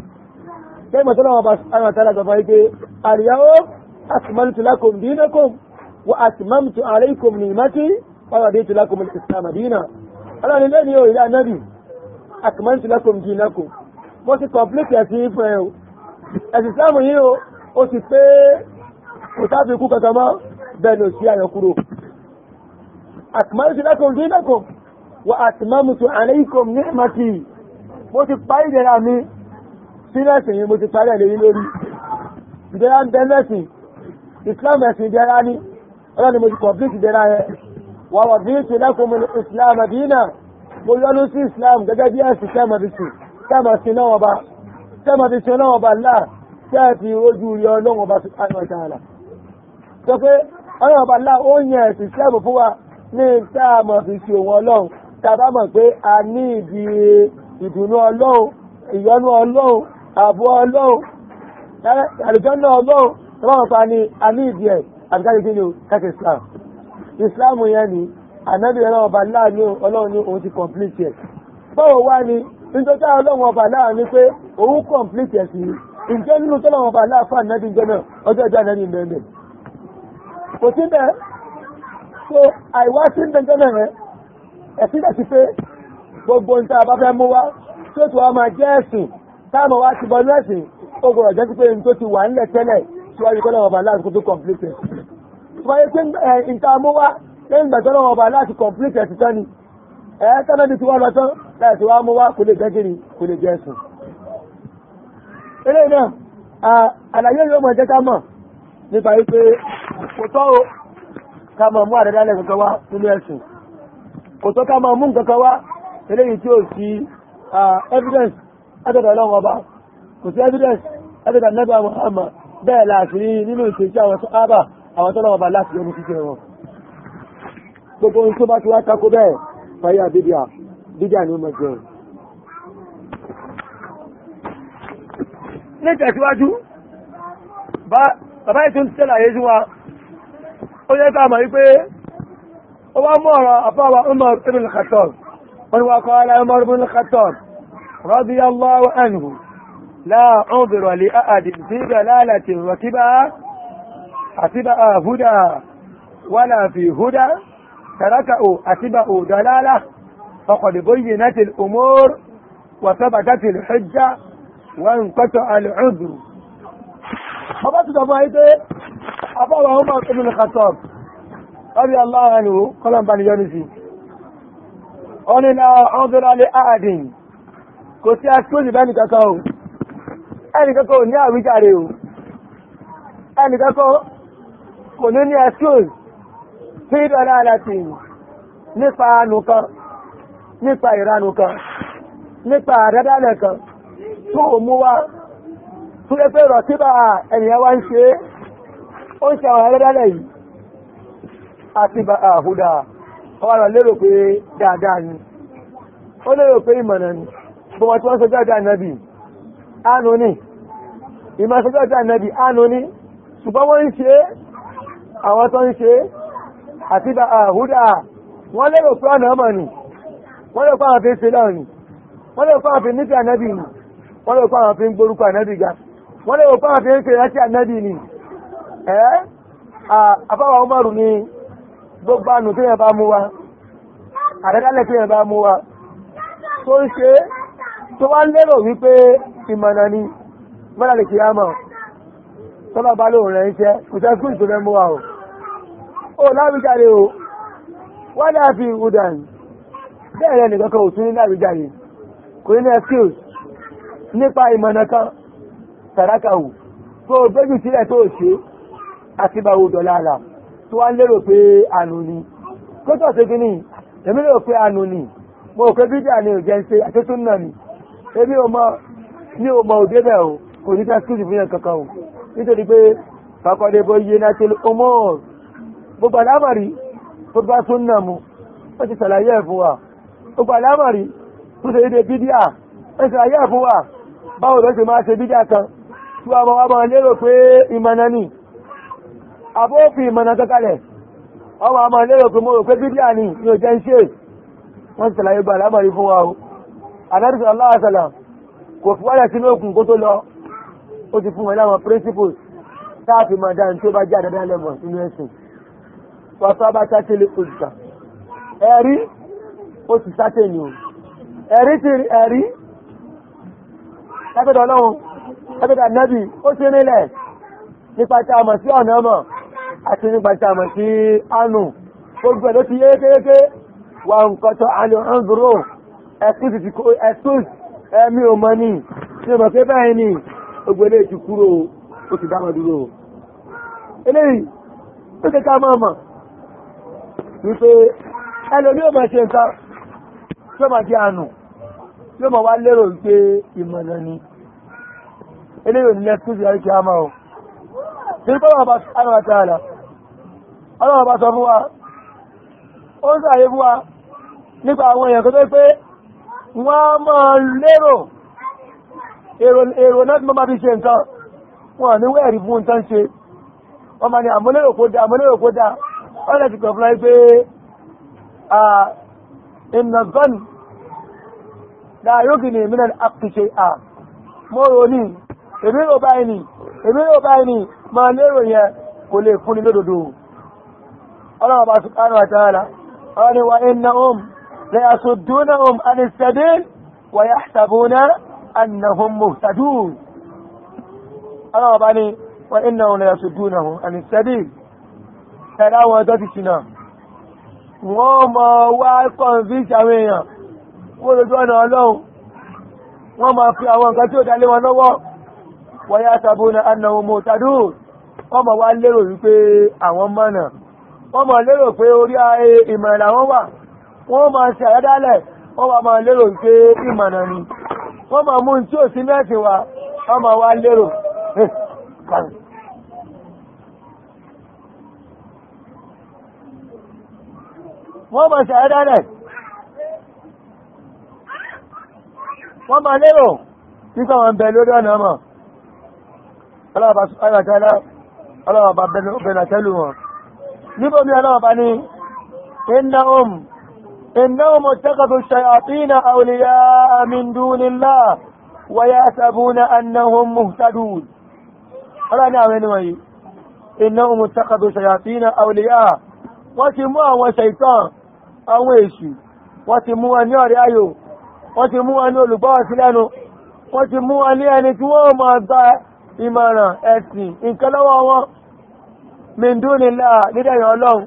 lẹ́yìn mọ̀tọ́ lọ́wọ́ bá àwọn àtàlà gbàgbà wípé àríyáwó àtìmọ́lùtù lákòm dínàkòm wa àtìmọ́mùtù àríkòm ní ìmátí wọ́n wà dé tù lákòm ìsìlámà dínà ọlọ́run lẹ́ni ò ilé anábì àkàmọ́ntì lẹ́kùn dín lẹ́kùn mo ti kọ̀m̀pléètì ẹ̀sìn fún ẹ o ẹ̀sìn sáàmù yìí o ó ti pé kò sáfi ikú kankan mọ́ bẹ́ẹ̀ ni ò sí àyọkúrò àkàmọ́ntì lẹ́kùn dín lẹ́kùn wà àtìmọ́mùtù àlẹ́yìnkùn ní ẹ̀mọ́tì mo ti parí ìdẹ̀ra mi sínú ẹ̀sìn yìí mo ti parí ẹ̀lẹ́yìn lórí ìdẹ̀ra ń bẹ mẹ́sìn ìsìláàmù ẹ̀sìn ìdẹ̀ra ni ọlọ́ni mo ti kọ̀m̀pléètì ìdẹ̀ra yẹn wà wà bí mo yọnu sí islam gẹ́gẹ́ bí ẹ̀sìn tẹ́mọ̀tìsì tẹ́mọ̀tì náà ọba tẹ́mọ̀tìsì náà ọba láà tẹ́ẹ̀tì ojú rí ọlọ́run ọba subhanahu wa ta'ala sọ pé ọlọ́run ọba láà ó yẹn ẹ̀sìn islam fún wa ní tẹ́mọ̀tìsì òun ọlọ́run tàbá mọ̀ pé a ní ìdí ìdùnnú ọlọ́run ìyọnu ọlọ́run àbú ọlọ́run àlùjọ́nà ọlọ́run tàbá mọ̀ pé a ní ìdí ẹ̀ àbíkájú kí ni o kẹ́kẹ́ islam islam yẹn ni ànábì ọlọ́run ọba láàánú ọlọ́run ní òun ti complete ẹ̀ báwo wá ni nítorí ọlọ́run ọba láàánú pé òun complete ẹ̀ sí ǹjẹ́ nínú tọ́lọ́run ọba láàfà ànábì ìjọ náà ọjọ́ ìjọ ànábì mẹ́mẹ́ kò sí bẹ́ẹ̀ so àìwá sí bẹ́ẹ̀ náà rẹ̀ ẹ̀sìn dẹ̀ sí pé gbogbo ń tá a bá fẹ́ mú wá tó tó wá máa jẹ́ ẹ̀sìn táàmù wá ti bọ́ lẹ́sìn ó gbọ́dọ̀ jẹ́ sí pé ní tó ti wà ńlẹ̀ tẹ́lẹ̀ síwájú kọ́lọ́run ọba láàánú kó tó complete ẹ̀ lẹ́yìn ìgbà tó lọ́wọ́ ọba láti complete ẹ̀sìn tán ni ẹ̀ẹ́ tọ́nà bí ti wá lọ tán láti wá mú wá kò lè gẹ́gìrì kò lè jẹ́ ẹ̀sùn. eré náà àlàyé yóò mọ̀ jẹ́ ká mọ̀ nípa wípé kò tọ́ o ká mọ̀ mú àdádálẹ̀ kankan wá nínú ẹ̀sùn kò tọ́ ká mọ̀ mú nǹkankan wá eléyìí tí ó sí evidence látọ̀dọ̀ ọlọ́run ọba kò sí evidence látọ̀dọ̀ nẹ́bà Muhammad bẹ́ẹ̀ láti rí nínú ìṣèjì àwọn sábà àwọn tọ́lọ́wọ́ ọba láti yọnu títí wọn gbogbo ohun tó bá ti wá takò bẹ́ẹ̀ fàyà bídíà bídíà ni ó mọ̀ jẹun. ní tẹ̀síwájú bàbá ètò ń tẹ́lẹ̀ àyè sí wa ó yẹ ká mọ̀ wípé ó wá mú ọ̀rọ̀ àfáwà Umar ibn Khattab wọ́n wá kọ́ ara Umar ibn Khattab radiyallahu anhu لا عذر لأحد في ضلالة ركبها حسبها هدى ولا في هدى تركه أتبه دلالة فقد بينت الأمور وثبتت الحجة وانقطع العذر bàbá ti dàbọ̀ ayé afọ́wà ọmọ ọmọ ìkàtọ̀m ọbí aláwọ̀ kọlọmbà ni yọ́nù sí ọni na ọdúnrà lè àádìn kò sí àtúnlì bẹ́ẹ̀ nìkankan o ẹnìkankan ò ní àwíjàre o ẹnìkankan kò ní ní excuse fi dalalatin nípa àánú kan nípa ìranù kan nípa àdádálẹ̀ kan tó ò mú wá tó lè fẹ́ rọ̀ tí bá ènìyàn wá ń ṣe ó ń ṣe àwọn àdádálẹ̀ yìí àti bá àhúdà ọ̀rọ̀ lérò pé dáadáa ni ó lérò pé ìmọ̀nà ni gbogbo tí wọ́n sọ jáde ànábì àánú ni ìmọ̀ sọ jáde ànábì àánú ni ṣùgbọ́n wọ́n ń ṣe àwọn tó ń ṣe àti àhúdà ah, wọ́n lérò pé ọ̀nà ọmọ nì wọ́n lérò pé àwọn fi ń ṣe náà nì wọ́n lérò pé àwọn fi nífẹ̀ẹ́ ànábì nì wọ́n lérò pé àwọn fi ń gborúkọ ànábì ga wọ́n lérò pé àwọn fi ń ṣe ìrántí ànábì nì ẹ́ àfáwà Umaru ni gbogbo ànù tí yẹn bá mú wa àdádálẹ̀ tí yẹn bá mú wa tó ń ṣe tó wá lérò wípé ó láwíjàre o wọ́n dá fi ìwúdàn bẹ́ẹ̀rẹ̀ nìkan kan ò tún ní láwíjàre kò ní excuse nípa ìmọ̀nà kan sàrákàwù tó gbẹ́jù sílẹ̀ tó ṣe àti bàwò dọ̀lára tó wá lérò pé ànú ni kó tọ̀ sí gíní èmi lérò pé ànú ni mo kẹ́ bídà ni ò jẹ́ ń ṣe àtúntún náà ni ebi o mọ́ ní o mọ̀ òdé bẹ̀ o kò ní ká skúlù fún yẹn kankan o nítorí pé fakọ́dé bó yé náà tó ọmọ gbogbo alámàrí tó bá súnnà mu ó ti ṣàlàyé ẹ̀ fún wa gbogbo alámàrí tó ṣe dédé bídíà ó ti ṣàlàyé ẹ̀ fún wa báwo ló ṣe máa ṣe bídíà kan tí wọ́n máa máa lérò pé ìmọ̀nà ni àbófin ìmọ̀nà kankalẹ̀ wọ́n máa lérò pé mo rò ni ni ò jẹ́ ń ṣe wọ́n ti ṣàlàyé gbogbo alámàrí fún wa o àdáríṣà aláàṣàlà kò fi wáyà principles táàfin máa dáa ní tí ó bá jẹ́ àdáda lẹ́mọ̀ nínú ẹ̀sìn wàtọ́bá sátẹ́lẹ̀ òṣìṣà ẹ̀rí ó ti sátẹ́ ni o ẹ̀rí ti rí ẹ̀rí ẹgbẹ̀dọ̀ ọlọ́run ẹgbẹ̀dọ̀ nẹ́bì ó ti rílẹ̀ nípa tí a mọ̀ sí ọ̀nà ọmọ àti nípa tí a mọ̀ sí ánù gbogbo ẹ̀ ló ti yékéyéké wà nǹkan tó àlè ọ̀hánzúrò ẹ̀sùs ẹ̀mí ò mọ́ ni tí mọ̀ pé wípé ẹlòmí ò máa ṣe nǹkan tí ó máa di àánú tí ó máa wá lérò wípé ìmọ̀nà ni eléyò ní lẹ́kùsì àríkì àmà ọ̀ tí ó bá sọ́nà àtàrà ọlọ́wọ́ bá sọ fún wa ó ń sàyé fún wa nípa àwọn èèyàn tó tó pé wọ́n máa lérò èrò náà tí wọ́n máa fi ṣe nǹkan wọ́n ní wẹ́ẹ̀rí fún nǹkan ṣe wọ́n máa ní àmúlérò kó dáa àmúlérò kó dáa ọ̀rẹ́ ti kọ̀ fún láyé pé ìnà gọ́nù láàrókì ní ìmìnà àpìṣe à mọ́rọ̀ ní èmi ò báyìí ni èmi ò báyìí ni ma lérò yẹn kò lè fúnni lódòdó ọlọ́wọ́ sùkánù àtàrà ọ̀rọ̀ ẹ̀rá wọn tó ti ṣìnà wọ́n mọ̀ wá kọ̀ǹfíìsì àwọn èèyàn wọ́n lójú ọ̀nà ọlọ́run wọ́n máa fi àwọn nǹkan tí ó dalé wọn lọ́wọ́ wọ́n sàbò na anáwọn mọ̀ tàdú wọ́n mọ̀ wá lérò wípé àwọn mọ̀nà wọ́n mọ̀ lérò pé orí ìmọ̀ràn àwọn wà wọ́n máa ṣe àyádálẹ̀ wọ́n wá máa lérò wípé ìmọ̀nà ni wọ́n máa mú tí ò sí mẹ́sìn wa wọ́n máa wá lérò wọ́n máa ṣe àádọ́rẹ̀ wọ́n máa lérò nípa wọn bẹ̀ lórí ọ̀nà ọmọ ọlọ́ọ̀bá ayàtẹ́lá ọlọ́ọ̀bá bẹ̀rẹ̀tẹ́lù wọn níbo ní ọlọ́ọ̀bá ní innahum innahum ittakhadhu shayatina awliya'a min dunillah wa yahsabuna annahum muhtadun ọlọ́ni àwọn ẹni wọ̀nyí innahum wọ́n ti mú àwọn ṣaitan àwọn èṣù wọ́n ti mú wọn ní ọ̀rẹ́ ayò wọ́n ti mú wọn ní olùgbọ́wọ̀ sí lẹ́nu wọ́n ti mú wọn ní ẹni tí wọ́n máa gba ìmọ̀ràn ẹ̀sìn nǹkan lọ́wọ́ wọn mìndúnilá nídẹ̀yìn ọlọ́run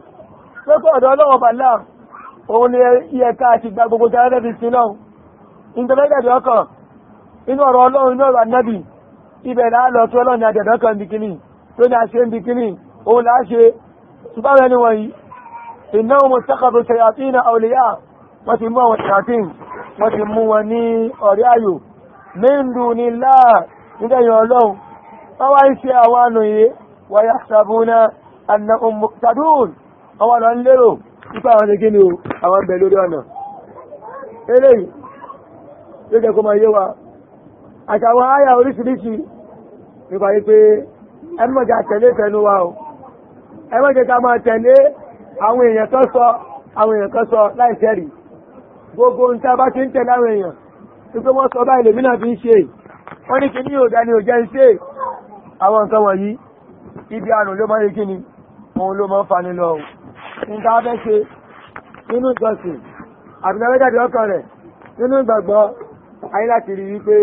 lókè ọ̀dọ̀ ọlọ́run bàlá òun ni iye ká ti gba gbogbo jẹ́rẹ́ fi sí lọ́run ìtọ́lẹ́gẹ̀dẹ̀ ọkàn inú ọ̀rọ̀ ọlọ́run inú ọ̀rọ̀ anábì ibẹ̀ láàlọ́ tí ọlọ́run ni àjẹ̀dọ́ kan bikini tó ní àṣẹ bikini òun láṣe ṣùgbọ́n ẹni wọ̀nyí إنهم اتخذوا الشياطين أولياء وتموا والشياطين وتموني أريايو من دون الله إذا يولون فوانشي أواني ويحسبون أنهم مقتدون أولا أنلروا إفاهم لكنوا أوان بلوريانا إلي يجب كما يوا àtàwọn àyà oríṣiríṣi nípa wípé ẹmọ́jà tẹ̀lé tẹnu wa o ẹmọ́jà ká àwọn èèyàn kan sọ àwọn èèyàn kan sọ láìsẹ́ rí gbogbo ohun tí a bá ti ń tẹ̀lé àwọn èèyàn wípé wọ́n sọ báyìí lèmi náà fi ń ṣe wọ́n ní kíní ò dání ò jẹ́ ń ṣe àwọn nǹkan wọ̀nyí ibi àrùn ló máa ń kíni òun ló máa ń fani lọ ohun tá a fẹ́ ṣe nínú ìjọsìn àbínáwẹ́jáde ọkàn rẹ̀ nínú ìgbàgbọ́ ayé láti rí wípé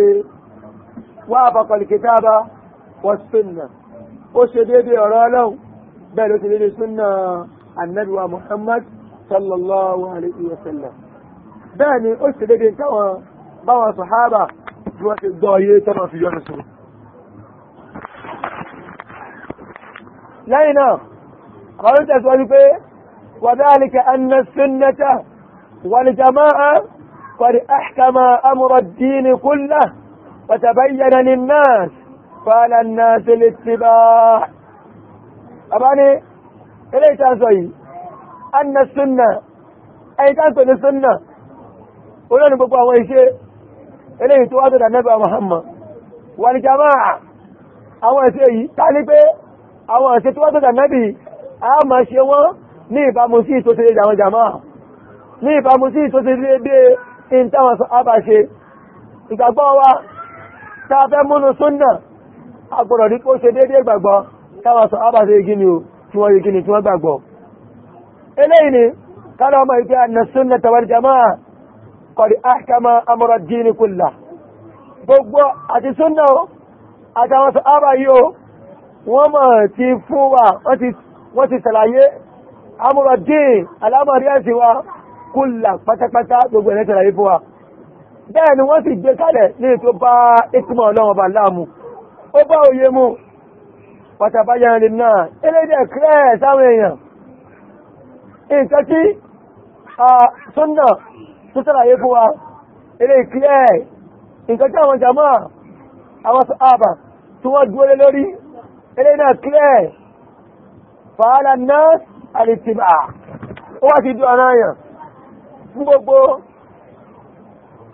wá àfọkọ̀lìkẹ́tà bá wọ́n sùn náà ó ṣe déédéé ọ̀rọ̀ ọlọ́run bẹ́ẹ̀ ló ṣe déédéé sùn أن ندوى محمد صلى الله عليه وسلم داني أشد دين كوا بوا صحابة جوات الضايع تما في جوان السبب لينا قلت أسؤال فيه وذلك أن السنة والجماعة قد أحكم أمر الدين كله وتبين للناس فعلى الناس الاتباع أباني eléyìí tá a sọ yìí anna sunna ẹni tá a sọ ní sunna olóòrùn gbogbo àwọn iṣẹ́ eléyìí tó wá tó dànẹ́bà Muhammad wà ní jama'a àwọn iṣẹ́ yìí tá ní pé àwọn iṣẹ́ tó wá tó dànẹ́bì a máa ṣe wọ́n ní ìbámu sí tó ti àwọn jama'a ní ìbámu sí tó ti dédé in táwọn àbá ṣe ṣe ìgbàgbọ́ tí wọ́n rí kí ni tí wọ́n gbàgbọ́ eléyìí ni kálọ̀ ọmọ ìpé anna sunnata wal jamaa qad ahkama amra ad-dini kullah gbogbo àti súnnà àtàwọn sàhábà yìí wọ́n mọ̀ ti fún wa wọ́n ti sàlàyé amra ad-din alámọ̀rí ẹ̀sìn wa kullah pátápátá gbogbo ẹ̀rẹ́ sàlàyé fún wa bẹ́ẹ̀ ni wọ́n sì gbé kalẹ̀ ní ètò bá ìtumọ̀ ọlọ́wọ́ bá láàmú ó bá òye mu pàtàbáyà rẹ̀ náà elédè kírẹ́ sáwọn èèyàn nǹkan tí sọ́nà tó sàlàyé fún wa ilé kírẹ́ nǹkan tí àwọn jàmá àwọn sọ́ábà tí wọ́n dúró lé lórí ilé náà kírẹ́ fàálà náà àrètìbà ó wá ti dú ara yàn fún gbogbo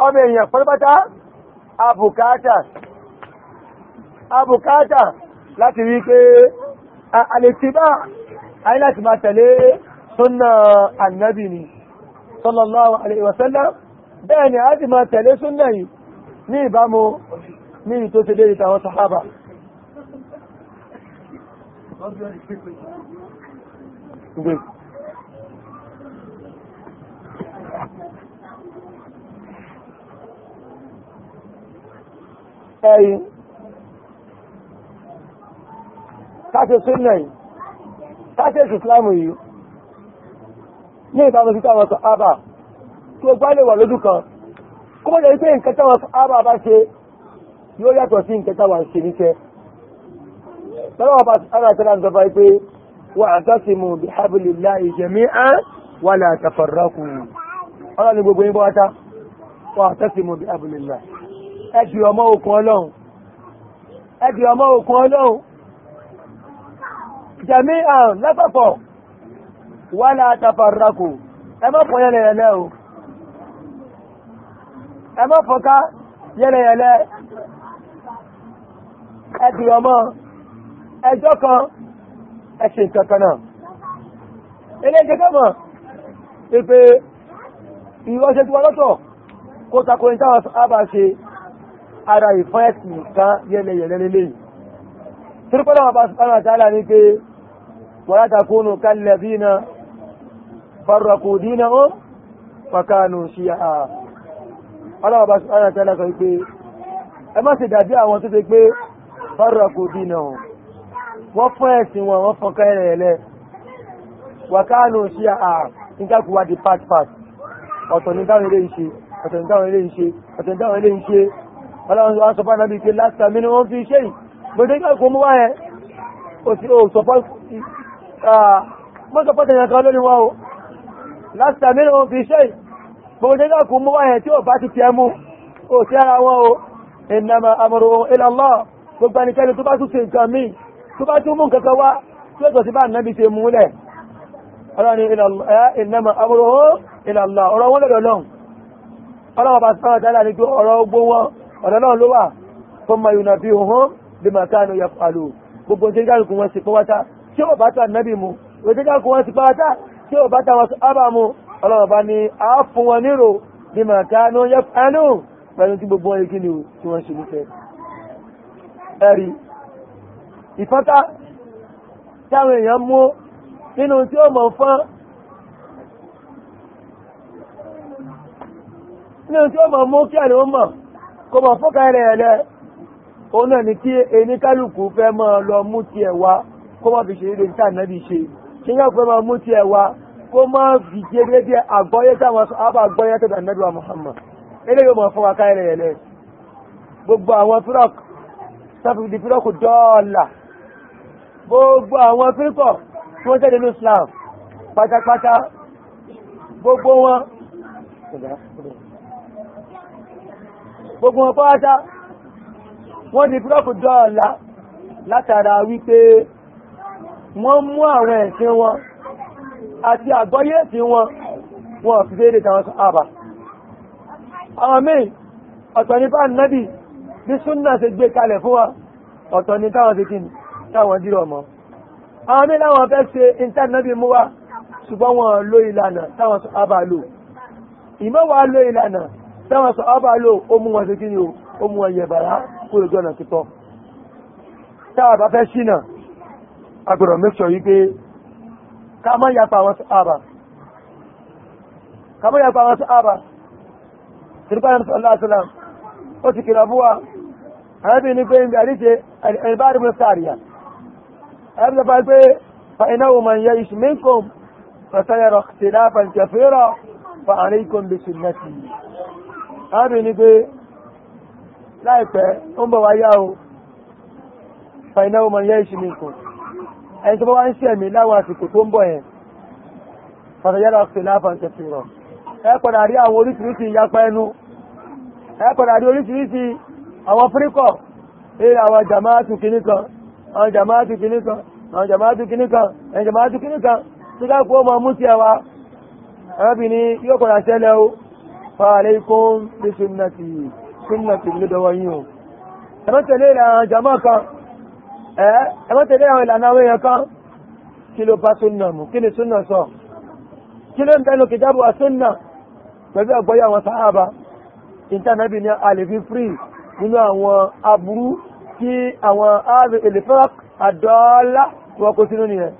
ọmọ èèyàn pọ́npátá àbùkátà àbùkátà láti rí pé àlètíbà ayé láti máa tẹ̀lé súnà ànábì ni sallallahu alaihi wasallam bẹ́ẹ̀ ni a ti máa tẹ̀lé súnà yìí ní ìbámu ní ìtò ti lérí sahaba ẹ̀yìn káṣe súnà yìí káṣe ìsìláàmù yìí ní ìbámu sí táwọn sọ ábà tí ó gbá lè wà lójú kan kó mọ́ jẹ́ pé nǹkan táwọn sọ ábà bá ṣe yóò yàtọ̀ sí nǹkan táwọn ṣe níṣẹ́ lọ́wọ́ bá ara ìtẹ́lá ń sọfà pé wà á tọ́sí mu bí hablillahi jami'an wà là tafarraqu ọlọ́ ni gbogbo yín bọ́ wáta wà á tọ́sí mu bí hablillahi ẹ di ọmọ òkun ọlọ́run ẹ di ọmọ òkun ọlọ́run jami'an lápapọ̀ wà látàfàrakù ẹ má fọ́ yẹlẹyẹlẹ o ẹ má fọ́ ká yẹlẹyẹlẹ ẹ dì ọmọ ẹjọ́ kan ẹ ṣe nǹkan kan náà ilé ìjẹ́kẹ́ mọ̀ ìpè ìrọ́ṣẹ́ tí wọ́n lọ́tọ̀ kó takò ní táwọn àbá ṣe ara ìfọ́ ẹ̀sìn kan lélẹ́yìn tí ó pẹ́lú àwọn àbá tààlà ní pé ولا تكونوا كالذين فرقوا دينهم فكانوا شيعا ọlọ́wọ́ bá ṣọ́nà tẹ́lẹ̀ sọ pé ẹ má ṣe dàbí àwọn tó ṣe pé farraqu dinahum wọ́n fún ẹ̀sìn wọn wọ́n fọ́n kẹ́rẹ̀ ẹ̀lẹ́ wa kanu shi'a nígbàkúwà di part part ọ̀tọ̀ ní dáwọn ilé ìṣe ọ̀tọ̀ ní dáwọn ilé ìṣe ọ̀tọ̀ ní dáwọn ilé ìṣe ọlọ́run wá sọ fún anábì pé last time ni wọ́n fi ṣe yìí gbẹdẹ́gbẹ́ kò mú wáyẹn ó sì ó sọ fún mọ́sọ̀ pọ́tẹ̀ yẹn kan lórí wọn o lásìtà mẹ́rin wọn fi iṣẹ́ gbogbo nígbà kún mú wáyẹn tí ó bá ti tẹ́ mú ó sí ara wọn o ìnàmà àmọ̀rò ila Allah gbogbo ẹnikẹ́ni tó bá tún ṣe nǹkan míì tó bá tún mú nǹkan kan wá tí ó tọ̀ sí bá nàbí ṣe mú lẹ̀ ọlọ́ni ìnàmà àmọ̀rò ila Allah ọ̀rọ̀ wọn lọ́dọ̀ lọ́n ọlọ́wọ́ bá sọ́rọ̀ dáadáa ní pé ọ̀rọ̀ ogbó wọn ọ̀dọ̀ náà ló wà fún mayunabihum bima kanu yaf'alu gbogbo tí ń kálukú tí ó bá ta nẹ́bí mu òjẹ́já kò wọ́n ti pàátá tí ó bá ta wọn sábà mu ọlọ́ọ̀bá ni a fún wọn nírò ní màkà ní oúnjẹ fánú pẹ̀lú tí gbogbo wọn ni tí wọ́n ṣe nífẹ́ ẹ̀rí ìfọ́ká táwọn èèyàn mú nínú tí ó mọ̀ fán nínú tí ó mọ̀ mú kí àlè ó mọ̀ kò mọ̀ fọ́ká rẹ̀ ẹ̀lẹ́ òun náà ni kí ẹni fẹ́ mọ́ lọ mú tiẹ̀ wá kó má fi ṣe eré níta nàbí ṣe kí yóò fẹ́ máa mú tiẹ̀ wá kó má fi ṣe déédéé àgbọ́yé táwọn àbá àgbọ́yé tó nàbí wa Muhammad eléyìí ó mọ̀ fún wa káyẹ̀rẹ̀ yẹn lẹ́ gbogbo àwọn fúrọ́k sáfìdì fúrọ́kù dọ́ọ̀là gbogbo àwọn fúrọ́kọ̀ tí wọ́n jáde ní Islam pátápátá gbogbo wọn gbogbo wọn pátá wọ́n di fúrọ́kù dọ́ọ̀là látara wípé wọ́n mú àwọn ẹ̀sìn wọn àti àgbọ́yé ẹ̀sìn wọn wọn fi dédé tàwọn sọ́hábà àwọn míì ọ̀tọ̀ ní bá nábì bí súnnà ṣe gbé kalẹ̀ fún wa ọ̀tọ̀ ní táwọn ṣe kí ní táwọn dírọ̀ mọ́ àwọn míì láwọn fẹ́ ṣe intanẹ́bì mú wa ṣùgbọ́n wọn lo ìlànà táwọn sọ́hábà lò ìmọ́wàá lo ìlànà táwọn sọ́hábà lò ó mú wọn ṣe kí ní o ó mú wọn yẹ̀bàrá kúrò jọ́nà títọ́ táwọn bá fẹ́ ṣínà agbọ̀rọ̀ make sure yí pé ká má yapa àwọn sàábà ká má yapa àwọn sàábà tìrìpáyà sọ́lá ó ti kìlọ̀ fún wa àyẹ́bí ní pé ibi àríṣe ẹ̀rìbáàrí mú sáàríà àyẹ́bí sọpá pé fa'ináwò man yẹ ìṣìmínkùn fasayarọ̀ tìláfàn kẹfẹ́rọ̀ fa'aríkùn bí sunnati àyẹ́bí ní pé láìpẹ́ ó ń bọ̀ wáyá o fa'ináwò man yẹ ìṣìmínkùn ẹni tó bá wá ń ṣẹ̀mí láwọn àsìkò tó ń bọ̀ yẹn fàtàyára ọ̀sẹ̀láfà ń tẹ̀sí rọ̀ ẹ padà rí àwọn oríṣiríṣi ìyapa ẹnu ẹ padà rí oríṣiríṣi àwọn fíríkọ̀ ẹ àwọn jàmáàtù kìíní kan àwọn jàmáàtù kìíní kan àwọn jàmáàtù kìíní kan ẹni jàmáàtù kìíní kan tí ká kó ọmọ mú sí ẹwà arábìnrin yóò padà ṣẹlẹ̀ o kan ẹ ẹ mọ́ tẹ̀lé àwọn ìlànà àwọn èèyàn kan kí ló bá súnà mú kí ni súnà sọ kí ló ń bẹ́ lókè jábọ̀ àsúnà pẹ̀lú àgbọ́yé àwọn sàhábà ìntànàbì ní àlèfí free nínú àwọn aburú tí àwọn ààrẹ elefrak àdọ́ọ́lá wọn kó sínú nìyẹn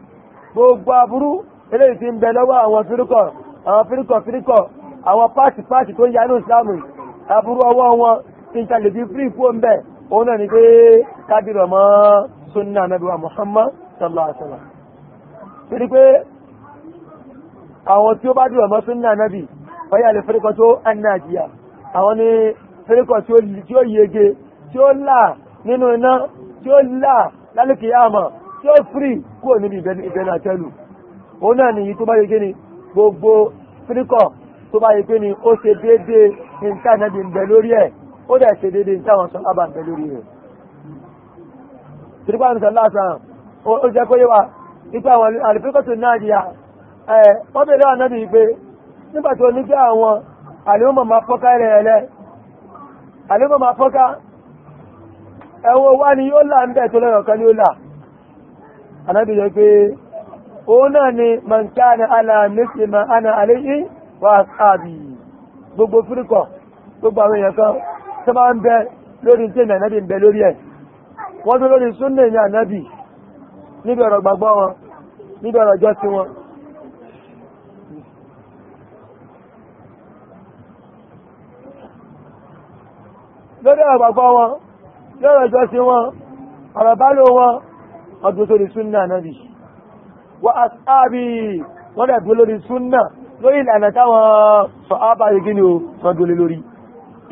gbogbo aburú eléyìí ti ń bẹ lọ́wọ́ àwọn fírikọ̀ àwọn fírikọ̀ fírikọ̀ àwọn páàtì páàtì tó ń ya inú ìsìlámù aburú ọwọ́ wọn ìntànàbì free fún bẹ́ẹ̀ òun náà ni pé kádìrọ̀ mọ́ sunna nabi wa muhammad sallallahu alaihi wasallam. sallam torí pé àwọn tí ó bá dúró sunna nabi wáyé àlè fẹ́rẹ́kọ́ tó annajiya àwọn ni fẹ́rẹ́kọ́ tí ó yege tí ó là nínú iná tí ó là lálùkì àmà tí ó firi kúrò níbi ìbẹ̀nà àtẹ́lù òun náà nìyí tó bá yege ni gbogbo fẹ́rẹ́kọ́ tó bá yẹ pé ni ó ṣe déédéé nǹkan náà ń bẹ lórí ẹ̀ ó dẹ̀ ṣe déédéé nǹkan àwọn sọ́lábà ń bẹ lórí tìrìpá ní sọ̀lá sàn ó jẹ́ kóyé wa ipa àwọn àlùfíkọ́tù náà di à ẹ̀ wọ́n bèèrè ànábì pé nígbà tí ó ní jẹ́ àwọn àlùmọ̀ máa fọ́ká ni yóò là ń bẹ̀ ni ó là ànábì yẹ ni mankana alamísìmá ana àléyìn wa sábì gbogbo fúrikọ̀ gbogbo àwọn èèyàn kan tó máa ń bẹ lórí tí ìnànàbì ń bẹ lórí ẹ̀ wọ́n tó lórí súnnà ní ànábì níbi ọ̀rọ̀ gbàgbọ́ wọn níbi ọ̀rọ̀ jọ́sìn wọn lórí ọ̀rọ̀ gbàgbọ́ wọn lórí ọ̀rọ̀ jọ́sìn wọn ọ̀rọ̀ bálò wọn ọdún sórí súnnà ànábì wọ́n àbí wọ́n dẹ̀ dúró lórí súnnà lórí ìlànà táwọn sọ ábà yegé ni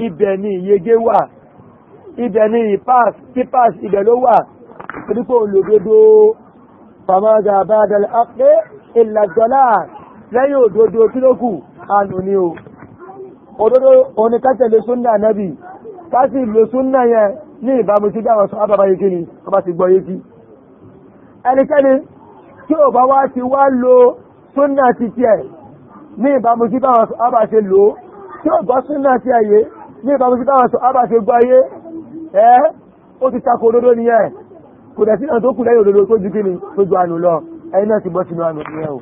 ibẹ̀ ni yegé wà ibẹ̀ ni ipas pípáàs ibẹ̀ ló wà nípò olódodo fàmága bàdàlẹ̀ àpé ìlàjọ́lá lẹ́yìn òdodo kílókù ànù ni o òdodo oníkátẹ̀lẹ̀ súnnà nábì káàsì ìlú súnnà yẹn ní ìbámu sí bí àwọn sọ ábàbá yìí kíni tó bá ti gbọ́ lo súnnà ti tiẹ̀ ní ìbámu sí bí àwọn sọ ábà ṣe lò ó tí ò gbọ́ súnnà ti ẹ̀yẹ ní ẹ́ ó ti takò òdodo nìyẹn kò dẹ̀ sínú tó kù lẹ́yìn òdodo tó ju tó ju lọ náà ti bọ́ sínú àánú o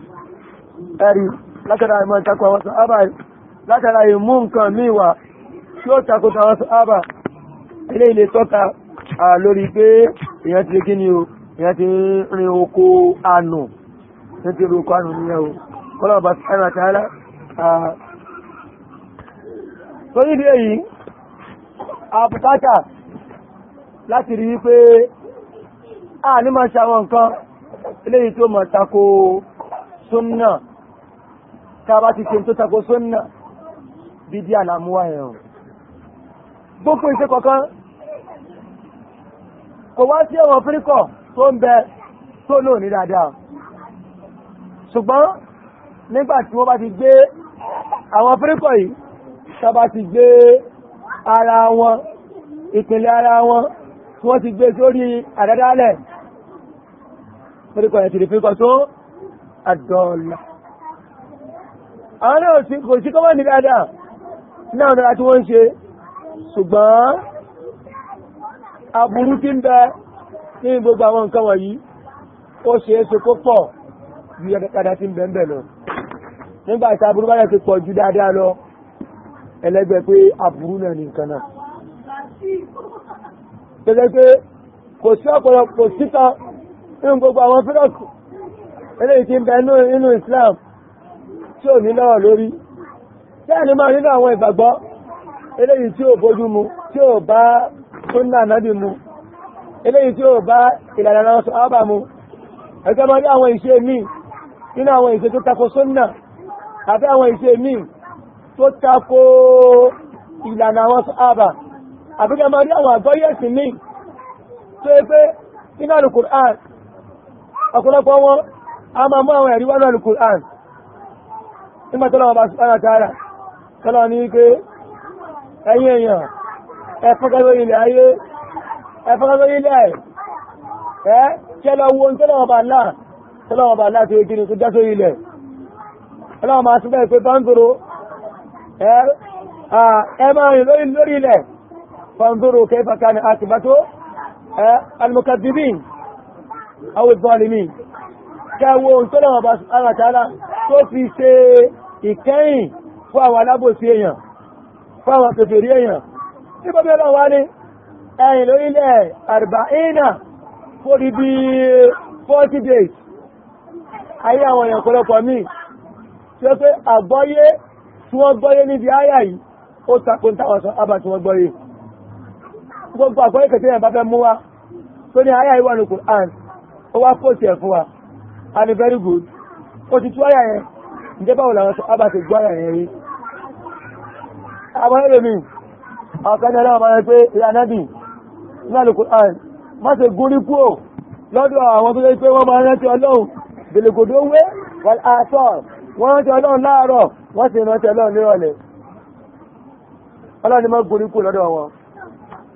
ẹ̀rí látara ìmọ̀ ìtakò àwọn sàábà látara ìmú nǹkan míì wà tí ó takò àwọn ilé ilé o ti rin oko ti o láti rí wípé a ní máa ṣe àwọn nǹkan eléyìí tó máa tako sunna ká bá ti ṣe tó tako sunna bídí àlàmúwà ẹ̀rùn gbogbo ìṣe kọ̀ọ̀kan kò wá sí ẹ̀wọ̀n fíríkọ̀ tó ń bẹ tó lò ní dáadáa ṣùgbọ́n nígbà tí wọ́n bá ti gbé àwọn fíríkọ̀ yìí tá bá ti gbé ara wọn ìpínlẹ̀ ara wọn tí wọ́n ti gbé sórí àdádálẹ̀ fíríkọ̀ ẹ̀tìrì fíríkọ̀ tó àdọ́ọ̀lá àwọn náà kò sí kọ́mọ̀ ní dáadáa náà náà tí wọ́n ń ṣe ṣùgbọ́n aburú tí ń bẹ ní gbogbo àwọn nǹkan wọ̀nyí ó ṣe é ṣe kó pọ̀ ju ẹ̀dẹ́kadà tí ń bẹ ń bẹ lọ nígbà tí aburú bá yẹ ti pọ̀ ju dáadáa lọ ẹlẹ́gbẹ́ pé aburú náà ní nǹkan náà gẹ́gẹ́ pé kò sí ọ̀pọ̀lọpọ̀ síta nínú gbogbo àwọn fírọ̀kù eléyìí ti ń bẹ nínú Islam tí ò ní lọ́wọ́ lórí bẹ́ẹ̀ ni máa nínú àwọn ìgbàgbọ́ eléyìí tí ò bójú mu tí ò bá súnà nábì mu eléyìí tí ò bá ìlànà àwọn sọ́ọ́bà mu ẹgbẹ́ máa rí àwọn ìṣe míì nínú àwọn ìṣe tó tako súnà àbí àwọn ìṣe míì tó tako ìlànà àwọn sọ́ọ́bà àbíkẹ́ máa rí àwọn àgbáyẹ̀sì ní tó pé nínú alukur'an ọ̀pọ̀lọpọ̀ wọn a máa mú àwọn ẹ̀rí wánú alukur'an nígbà tó lọ́wọ́ bá sí ara tààrà tọ́lọ́ ní wípé ẹ̀yin èèyàn ẹ̀fọ́kẹ́lórí ilẹ̀ ayé ilẹ̀ ẹ̀ kẹ́ ẹ فانظروا كيف كان عاقبة المكذبين أو الظالمين كاوون تلوى بس الله تعالى توفي سي إكاين فهو لابو سيئا فهو كفريا يبقى بيلا واني أين لو إلى أربعين فوري بي فورتي ديز ayé àwọn èèyàn kọlọpọ̀ míì tí ó pé àgbọ́yé tí wọ́n gbọ́yé níbi áyà yìí ó takò ń gbogbo àgbọ́yé kẹ̀kẹ́ yẹn bá fẹ́ mú wa tó ní àyà ìwà ní Quran ó wá pòsì ẹ̀ fún wa and very good ó ti tú àyà yẹn ǹjẹ́ báwo làwọn sọ abàṣẹ gbọ́ àyà yẹn rí àwọn ẹlòmíì ọ̀kan ní pé ìyànàbì ní Al-Quran má ṣe gúnrí kúò lọ́dọ̀ àwọn tó lè pé wọ́n máa rántí Ọlọ́run bèlèkòdó wé wọ́n àtọ́ wọ́n rántí Ọlọ́run láàárọ̀ wọ́n sì rántí Ọlọ́run nírọ̀lẹ́ Ọlọ́run ni má gúnrí kúò lọ́dọ̀ wọn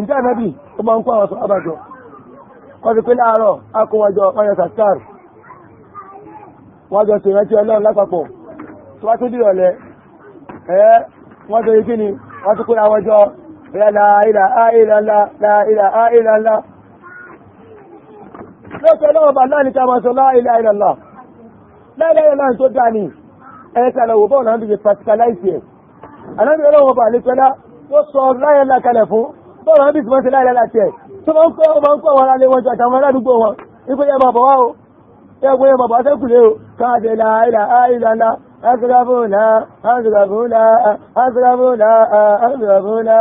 ǹjẹ́ ànábì ó máa ń kó àwọn sọ̀rọ̀ àbájọ wọ́n ti pé láàárọ̀ akọwájọ wáyọ sàtàr wọ́n jọ sí ìrántí ọlọ́run lápapọ̀ tó wá tó dìrọ̀ lẹ ẹ́ wọ́n tó yí kí ni wọ́n ti pé àwọn jọ láìlà áìlàlá láìlà áìlàlá lóòtọ́ lọ́wọ́ bá láàrin ká máa sọ láìlà áìlàlá láìlà áìlàlá tó dá ní ẹ̀ẹ́ta lọ́wọ́ bọ́ọ̀lù àwọn ti fi practicalize ẹ̀ ànábì ọlọ́wọ́ bá ní pẹ́lá ó sọ láìlà kalẹ̀ fún bọ́ọ̀lù ọdún tí wọ́n ṣe láìláìlá tiẹ̀ tó máa ń kọ́ ọmọ ń kọ́ wọn lálé wọn jù àtàwọn aládùúgbò wọn ipò yẹ bàbá wa o yẹ pé bàbá sẹ́kùlé o káàdé láìlá àìlànà àṣìláfóònà àṣìláfóònà àṣìláfóònà àṣìláfóònà.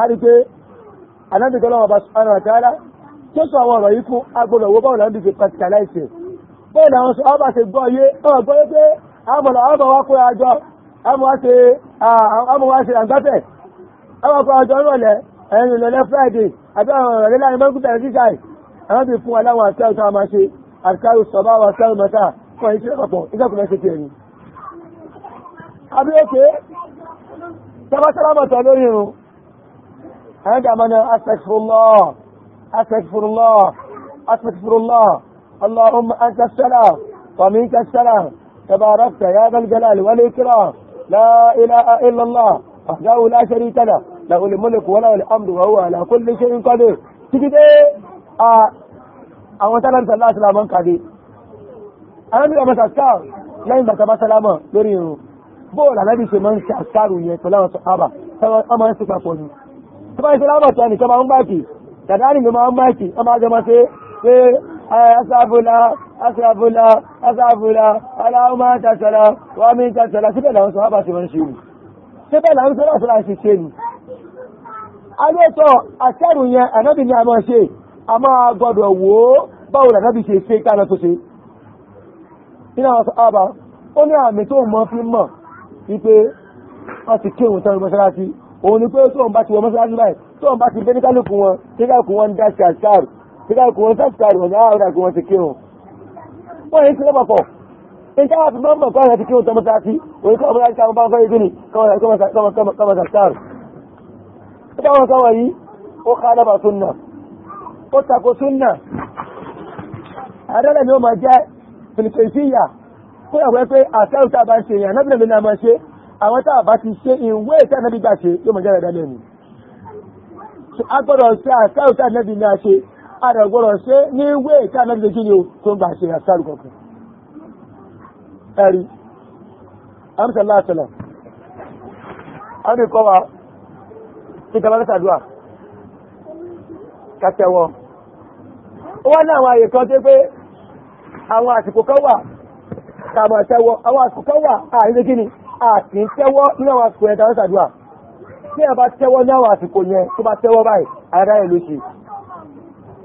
a rí pé anábìkan sọ àmọ̀ wá kóra jọ àmọ̀ wá ṣe àgbáfẹ́ àmọ̀ kóra jọ rọ̀lẹ́ ẹ̀yìn ìrọ̀lẹ́ Friday àbí àwọn ọ̀rẹ́ láàrin mọ́kútà ẹ̀rí ṣáì àwọn bí fún aláwọ̀ àṣẹ́ ọ̀tọ́ àmà ṣe àkàrù sọ̀bá wa sáré mọ́ta fún ẹ̀yìn ṣe pọ̀ ìjọkùnrin ṣe tiẹ̀ ni. àbí òkè sábàsálámọ̀tọ̀ lórí irun àwọn ìgbà mọ́nà astaghfirullah astaghfirullah astaghfirullah Allahumma anta salam wa minka salam تباركت يا ذا الجلال والإكرام لا إله إلا الله وحده لا شريك له له الملك وله الحمد وهو على كل شيء قدير تجد àwọn tánà ní sàlá àtìlámọ́ ń kàdé alábìrì ọmọ sàkàr lẹ́yìn bàtà bá sálámọ̀ lórí irun bóòlù alábì ṣe máa ń ṣe àkàrù yẹn pẹ̀lú àwọn sọ̀hábà tọ́wọ́ ọmọ ń sípa pọ̀ ní tó bá ń sálámọ̀ tó ẹnìkan máa ń báàkì tàdáàrí mi máa ń báàkì ọmọ àjọmọ́ ṣe pé asàfùlà asàfùlà asàfùlà aláwọ̀má tàṣàlà wà mí tàṣàlà síbẹ̀ làwọn sọ bá ti wọ́n ṣe ni síbẹ̀ làwọn sọ bá ti ṣe ni alẹ́tọ̀ àṣẹ́rù yẹn ànábì ni a máa ṣe a máa gbọ́dọ̀ wò ó báwo lànábì ṣe ṣe káàná tó ṣe nínú àwọn sọ́ọ́bà ó ní àmì tó mọ́ fi mọ̀ wípé wọ́n ti kéwòn tán mọ́ṣáláṣí sígá o wọn sáàtìkárì wọn yára ọ̀dà ikú wọn ti kírun wọ́n yẹn sílẹ̀ pọ̀pọ̀ nígbà wọn ti máa ń bọ̀ kọ́ra ti kírun tọmọ sáàtì òye kọ́ ọmọdé káwọn bá ń fẹ́ gbé ni kọ́mọ sáàtìkárì. nígbà wọn sọ wọ̀nyí ó ká dábà súnà ó tako súnà àdọ́lẹ̀ ni ó máa jẹ́ fìlìfìlìfìyà kó yàgbẹ́ pé àṣẹ́wò tá a bá ń ṣe yẹn anábìlẹ̀ mi a máa ṣe àwọn tá a bá ti ṣe ìwé ìtẹ́ anábìgbà ṣe yóò máa jẹ́ rẹ̀ dálẹ́ ni. a gbọ́dọ̀ ṣe àṣẹ́wò tá anábìlẹ̀ mi a ṣe àrẹ̀gbọ́rọ̀ ṣe ní ìwé ìka mẹ́rin kí ni o tó ń gbà ṣe àṣàrù kọ̀ọ̀kan ẹ̀rí amsalla àṣẹlà ọdún kọwa tí kọba mẹ́sàdúwà kàtẹ̀wọ̀ ó wá ní àwọn àyè kan tó pé àwọn àsìkò kan wà tàbà tẹ́wọ́ àwọn àsìkò kan wà àìlé kí ni àti tẹ́wọ́ ní àwọn àsìkò yẹn tàbí sàdúwà tí ẹ bá tẹ́wọ́ ní àwọn àsìkò yẹn tó bá tẹ́wọ́ báyìí àrẹ́rẹ́ ló ṣe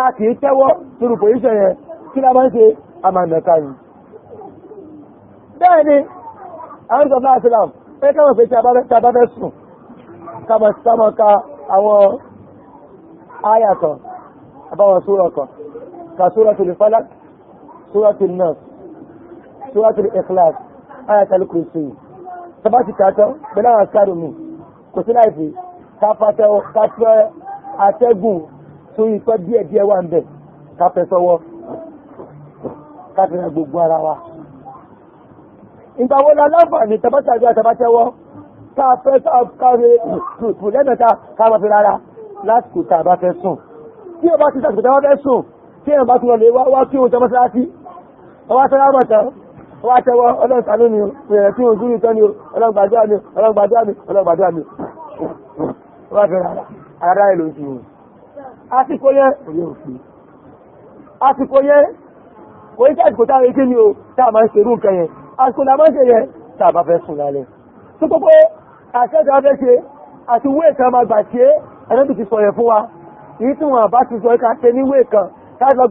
a kì í tẹ́wọ́ sínú pòlíṣẹ̀ yẹn kí la máa ń ṣe a máa nàka yìí bẹ́ẹ̀ ni àwọn ìsọ̀fún àṣìlám ẹ káwọn fèsì àbáfẹ́ sùn káwọn ka àwọn ayàtọ̀ àbáwọn súrọ̀ kan ka súratul falak súratul nas súratul ikhlas ayatul kursi sabati kàtọ́ bẹ́ẹ̀ náà kárùn-ún kò sí láìsí káfẹ́ atẹ́gùn torí pé díẹ̀ díẹ̀ wà ń bẹ̀ kápẹ́ sọ́wọ́ kápẹ́ gbogbo ara wa ìgbàwó la láǹfààní tàbátàgbé àtàbátẹ́wọ́ káfẹ́ káfẹ́ tùtù lẹ́mẹ̀ta káfẹ́ rárá lásìkò tàbá fẹ́ sùn tí o bá ti sàkùtà wá fẹ́ sùn tí èèyàn bá tún lọ lè wá kí o jọmọ́ sáásí ọwá sọ́rọ̀ àmọ̀tà ọwá tẹwọ́ ọlọ́ọ̀ta ló ni o ìrẹ̀lẹ̀ tí o dúró tán ni o ọlọ́gbàdúrà ni ọlọ́gbàdúrà ni ọlọ́gbàdúrà ni ọwá fẹ́ rárá rárá ẹ̀ ló ń ti wù àsìkò yẹ àsìkò yẹ kò ní tàbí kò táwọn ikú ni o tá a máa ń ṣe irú nǹkan yẹn àsìkò la máa ń ṣe yẹn tá a bá fẹ́ sùn lálẹ́ tó kókó àṣẹ́ta fẹ́ ṣe àti wé kan máa gbà ṣe ẹ̀nẹ́bì ti sọ yẹn fún wa èyí tí wọ́n bá ti sọ ká ṣe ní wé kan láti lọ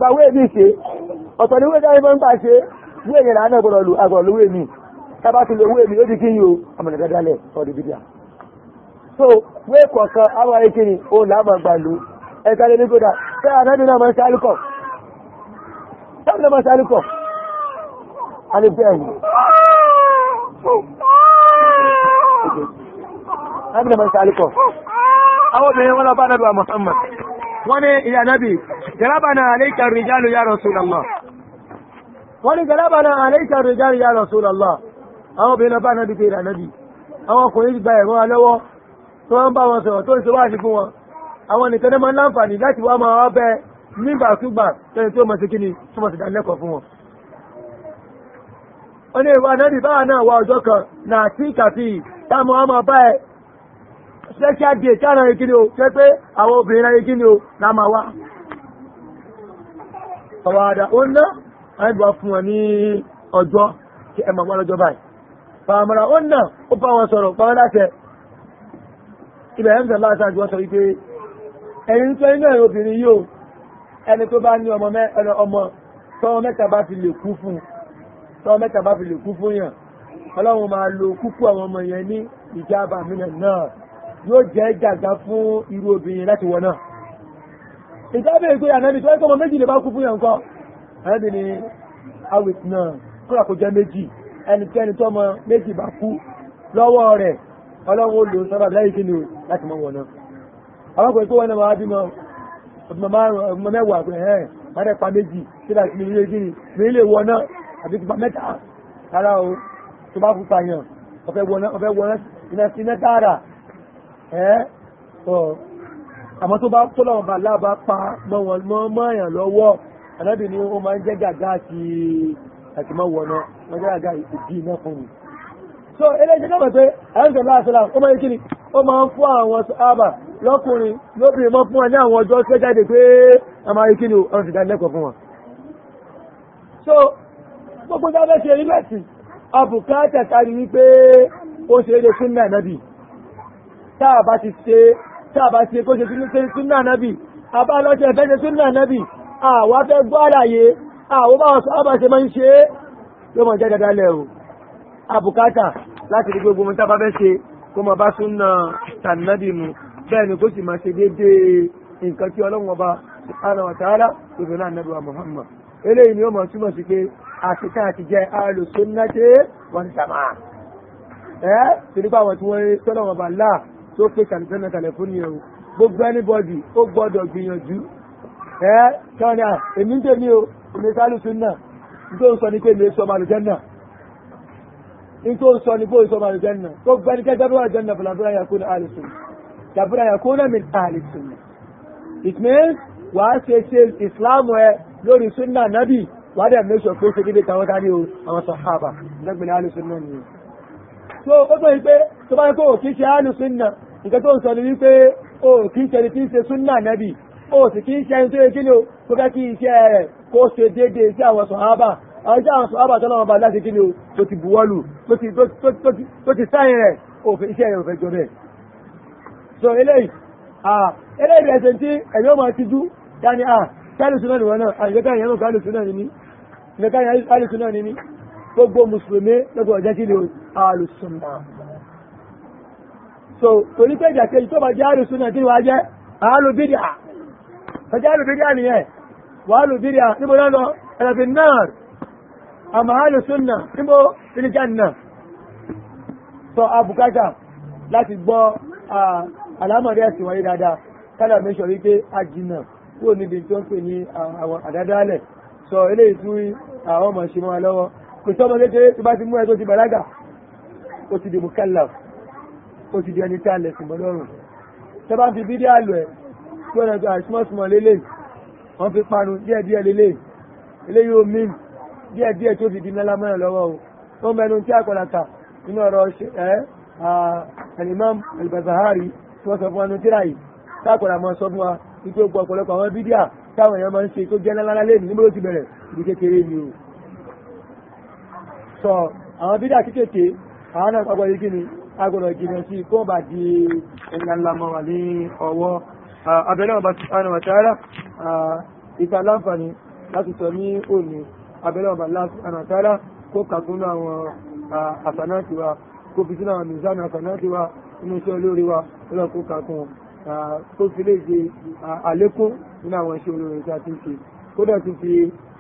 lu agbọ̀rọ̀ lu wé mi tábà ti lo wé mi ó di kí n yo so wé kọ̀ọ̀kan àwọn ẹ̀kẹ́ni òun làá máa gbà lu ẹ̀kàlẹ̀ ní kódà pé àdáni náà máa sálùkọ̀ tábìlì máa sálùkọ̀ a ní bẹ́ẹ̀ ni tábìlì máa sálùkọ̀ àwọn obìnrin wọn lọ bá nàbí wa Muhammad wọ́n ní ìyá nàbí galabana alayka rijalu ya Rasulallah wọ́n ní galabana alayka rijalu ya Rasulallah àwọn obìnrin àwọn nìkan náà máa láǹfààní láti wá máa wá bẹ nígbàkúgbà tẹ́lẹ̀ tí ó mọ̀ sí kí ni tó mọ̀ sí dánilẹ́kọ̀ọ́ fún wọn. ó ní ìwà náà bá náà wá ọjọ́ kan náà sí kàfí táàmù wá máa bá ẹ special day tí àná ìkíni o ṣe pé àwọn obìnrin náà ìkíni o náà máa wá. ọ̀wọ̀ àdá ó ná àìbọ̀ fún wọn ní ọjọ́ kí ẹ máa wá lọ́jọ́ báyìí ẹ̀yìn tó inú ẹ̀rọ obìnrin yóò ẹni tó bá ní ọmọ ọmọ tọ́wọ́ mẹ́ta bá fi lè kú fún tọ́wọ́ mẹ́ta bá fi lè kú fún yàn ọlọ́run máa lo kúkú àwọn ọmọ yẹn ní ìjábà mílẹ̀ náà yóò jẹ́ jàgbá fún irú obìnrin láti wọ náà ìjábà ègbé ànábì tó ẹ̀kọ́ ọmọ méjì lè bá kú fún yàn kọ́ ànábì ni awit náà kúrò kó jẹ́ méjì ẹnikẹ́ni tó ọmọ méjì bá kú lọ́wọ́ rẹ̀ ọlọ́run ó lò sábà láyé kí ni láti mọ́ wọn náà arákùnrin tó wọ́n náà máa bímọ ọdún mẹ́wàá pé ẹ̀ máa pa méjì sílá sí ilé gíní mi ilé wọ náà àbí ti pa mẹ́ta rárá o tó bá fún pààyàn ọ̀fẹ́ wọ iná sí iná tààrà ẹ́ ọ̀ àmọ́ tó bá tó lọ́wọ́ bá lábá pa mọ́ wọn mọ́ mọ́yàn lọ́wọ́ àdábì ni ó máa ń jẹ́ gàgá àti àti mọ́ wọ̀nà wọ́n jẹ́ gàgá ìdí iná fún mi. so eléyìí jẹ́ kọ́ mọ̀ pé àyẹ̀wò ìjọba ó máa ń fún àwọn sábà lọ́kùnrin lóbìnrin mọ́ fún wa ní àwọn ọjọ́ tó jáde pé a máa rí kí ni ọ̀rọ̀ ti dánilẹ́kọ̀ọ́ fún wa. so gbogbo dábẹ́ ṣe rí bẹ́ẹ̀ sí abùkátà kárí wípé ó ṣe é súnà nábì tá a bá ti ṣe tá a bá ṣe kó ṣe súnà nábì àbá lọ́jọ́ ẹ̀fẹ́ ṣe súnà nábì àwa fẹ́ gbọ́ àlàyé àwọn bá wọn sábà ṣe máa ń ṣe é ló mọ̀ jẹ́ dáadáa lẹ́rù abùkátà láti rí gbogbo ohun tá a bá fẹ́ ṣe kó máa bá súnà tànàbì mu bẹ́ẹ̀ ni kó sì máa ṣe déédéé nǹkan tí ọlọ́run ọba subhanahu wa ta'ala ìbílẹ̀ anábìwá muhammad eléyìí ni ó máa túmọ̀ sí pé àtìká àti jẹ́ ahlu sunnati wal jamaa ẹ́ torí pé àwọn tí wọ́n tọ́lọ̀ wọn bá là tó pé kàlùfẹ́nà kalẹ̀ fún ni o gbogbo anybody ó gbọ́dọ̀ gbìyànjú ẹ́ tọ́ni à èmi ń tèmi o èmi sálùsùn náà nítorí sọ ni pé èmi sọ màlùjẹ́ náà in tó sọ ní bóyí sọmọ àlùjẹ́nà tó gbẹ́ni kẹ́ jábọ́ àlùjẹ́nà fúlàfúlà yakuna àlùsùnà jàbúrà yakuna min àlùsùnà it means wà á ṣe ṣe islam ẹ lórí sunna nabi wà á dẹ̀ make sure pé ó ṣe dédé tàwọn tàbí o àwọn sàhábà lẹ́gbẹ̀lẹ́ àlùsùnà ni so ó tó pé tó bá yẹ kó kí ṣe àlùsùnà nǹkan tó ń sọ ni wípé ó ṣe ni kí ṣe sunna nabi ó sì kí ṣe ẹni tó yẹ kí ni ó tó fẹ́ kí iṣẹ́ rẹ̀ kó ṣe dédé sí àwọn sàhábà àwọn iṣẹ́ àwọn sọ́ọ́bà tó lọ́wọ́ bá láti kí ni o tó ti buwọ́lù tó ti sáyìn rẹ̀ òfin iṣẹ́ rẹ̀ òfin jọbẹ̀. so eléyìí ah eléyìí rẹ̀ ṣe tí ẹ̀mí ọmọ ti dú dání ah kálù súná ni wọn náà àti ìgbẹ́ká ìyẹn kálù súná ni mí ìgbẹ́ká ìyẹn kálù súná ni mí gbogbo mùsùlùmí lọ́gbọ̀ ọ̀jẹ́ kí ni o àlù súná. so torí pé ìjà kejì tó bá jẹ́ àlù súná kí wàá jẹ́ àlù bídíà ọjọ́ àlù bídíà nìyẹn wàá àlù bídíà níbo náà lọ ẹ̀rọ àmà alùsùnà níbo fìlìjánà sọ abùkátà láti gbọ́ àlámọ̀dé ẹ̀sìn wáyé dáadáa kálà mẹ́ṣọ̀ wípé ajínà kúrò níbi tó ń pè ní àwọn àdádálẹ̀ sọ eléyìí tún àwọn ọmọ ṣe mọ́ lọ́wọ́ kò sọ́mọ kékeré tó bá ti mú ẹ tó ti bàlágà ó ti di mukallaf ó ti di ẹni tí a lẹ̀ sùn mọ́ lọ́rùn tó bá fi bídí àlọ́ ẹ̀ tí wọ́n lọ àìsímọ́símọ́ lélẹ̀ fi panu díẹ̀díẹ̀ lélẹ̀ eléyìí ó mìíràn díẹ̀ díẹ̀ tó fi di mẹ́lá mọ́yàn lọ́wọ́ o wọ́n mẹ́nu tí àkọlàkà nínú ọ̀rọ̀ ẹ́ alimam albazahari tí wọ́n sọ fún wọn tíra yìí táàkọlà máa sọ fún wa wípé gbọ́ ọ̀pọ̀lọpọ̀ àwọn bídíà táwọn èèyàn máa ń ṣe tó jẹ́ ńláńlá lẹ́nu níbo ti bẹ̀rẹ̀ ibi kékeré ni o sọ àwọn bídíà kékèké àwọn náà pàgbọ́ yìí kí ni agbọ̀dọ̀ jìnnà sí kó bá di ńláńlá mọ́ wà ní ọwọ́ abẹ́lẹ́ ọba subhanahu wa ta'ala ìta abẹ́rẹ́ ọba láti ànàtàlá kó kàgbónú àwọn àfànáàtì wa kó fi sínú àwọn mìíràn àfànáàtì wa inú iṣẹ́ olórí wa lọ́kó kàkún kó fi lè ṣe àlékún nínú àwọn iṣẹ́ olórí tí ti ń ṣe kódà tún fi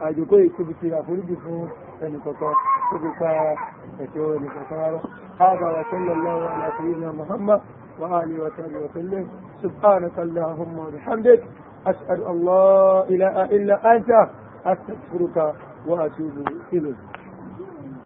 àjòkó ìkóbi àforíjì fún ẹnìkọ̀kan tó fi pa ẹ̀ṣọ́ ẹnìkọ̀kan rárá. هذا وصلى الله على سيدنا محمد وآله وصحبه وسلم سبحانك اللهم وبحمدك أشهد أن لا إله إلا أنت وأتوب إليه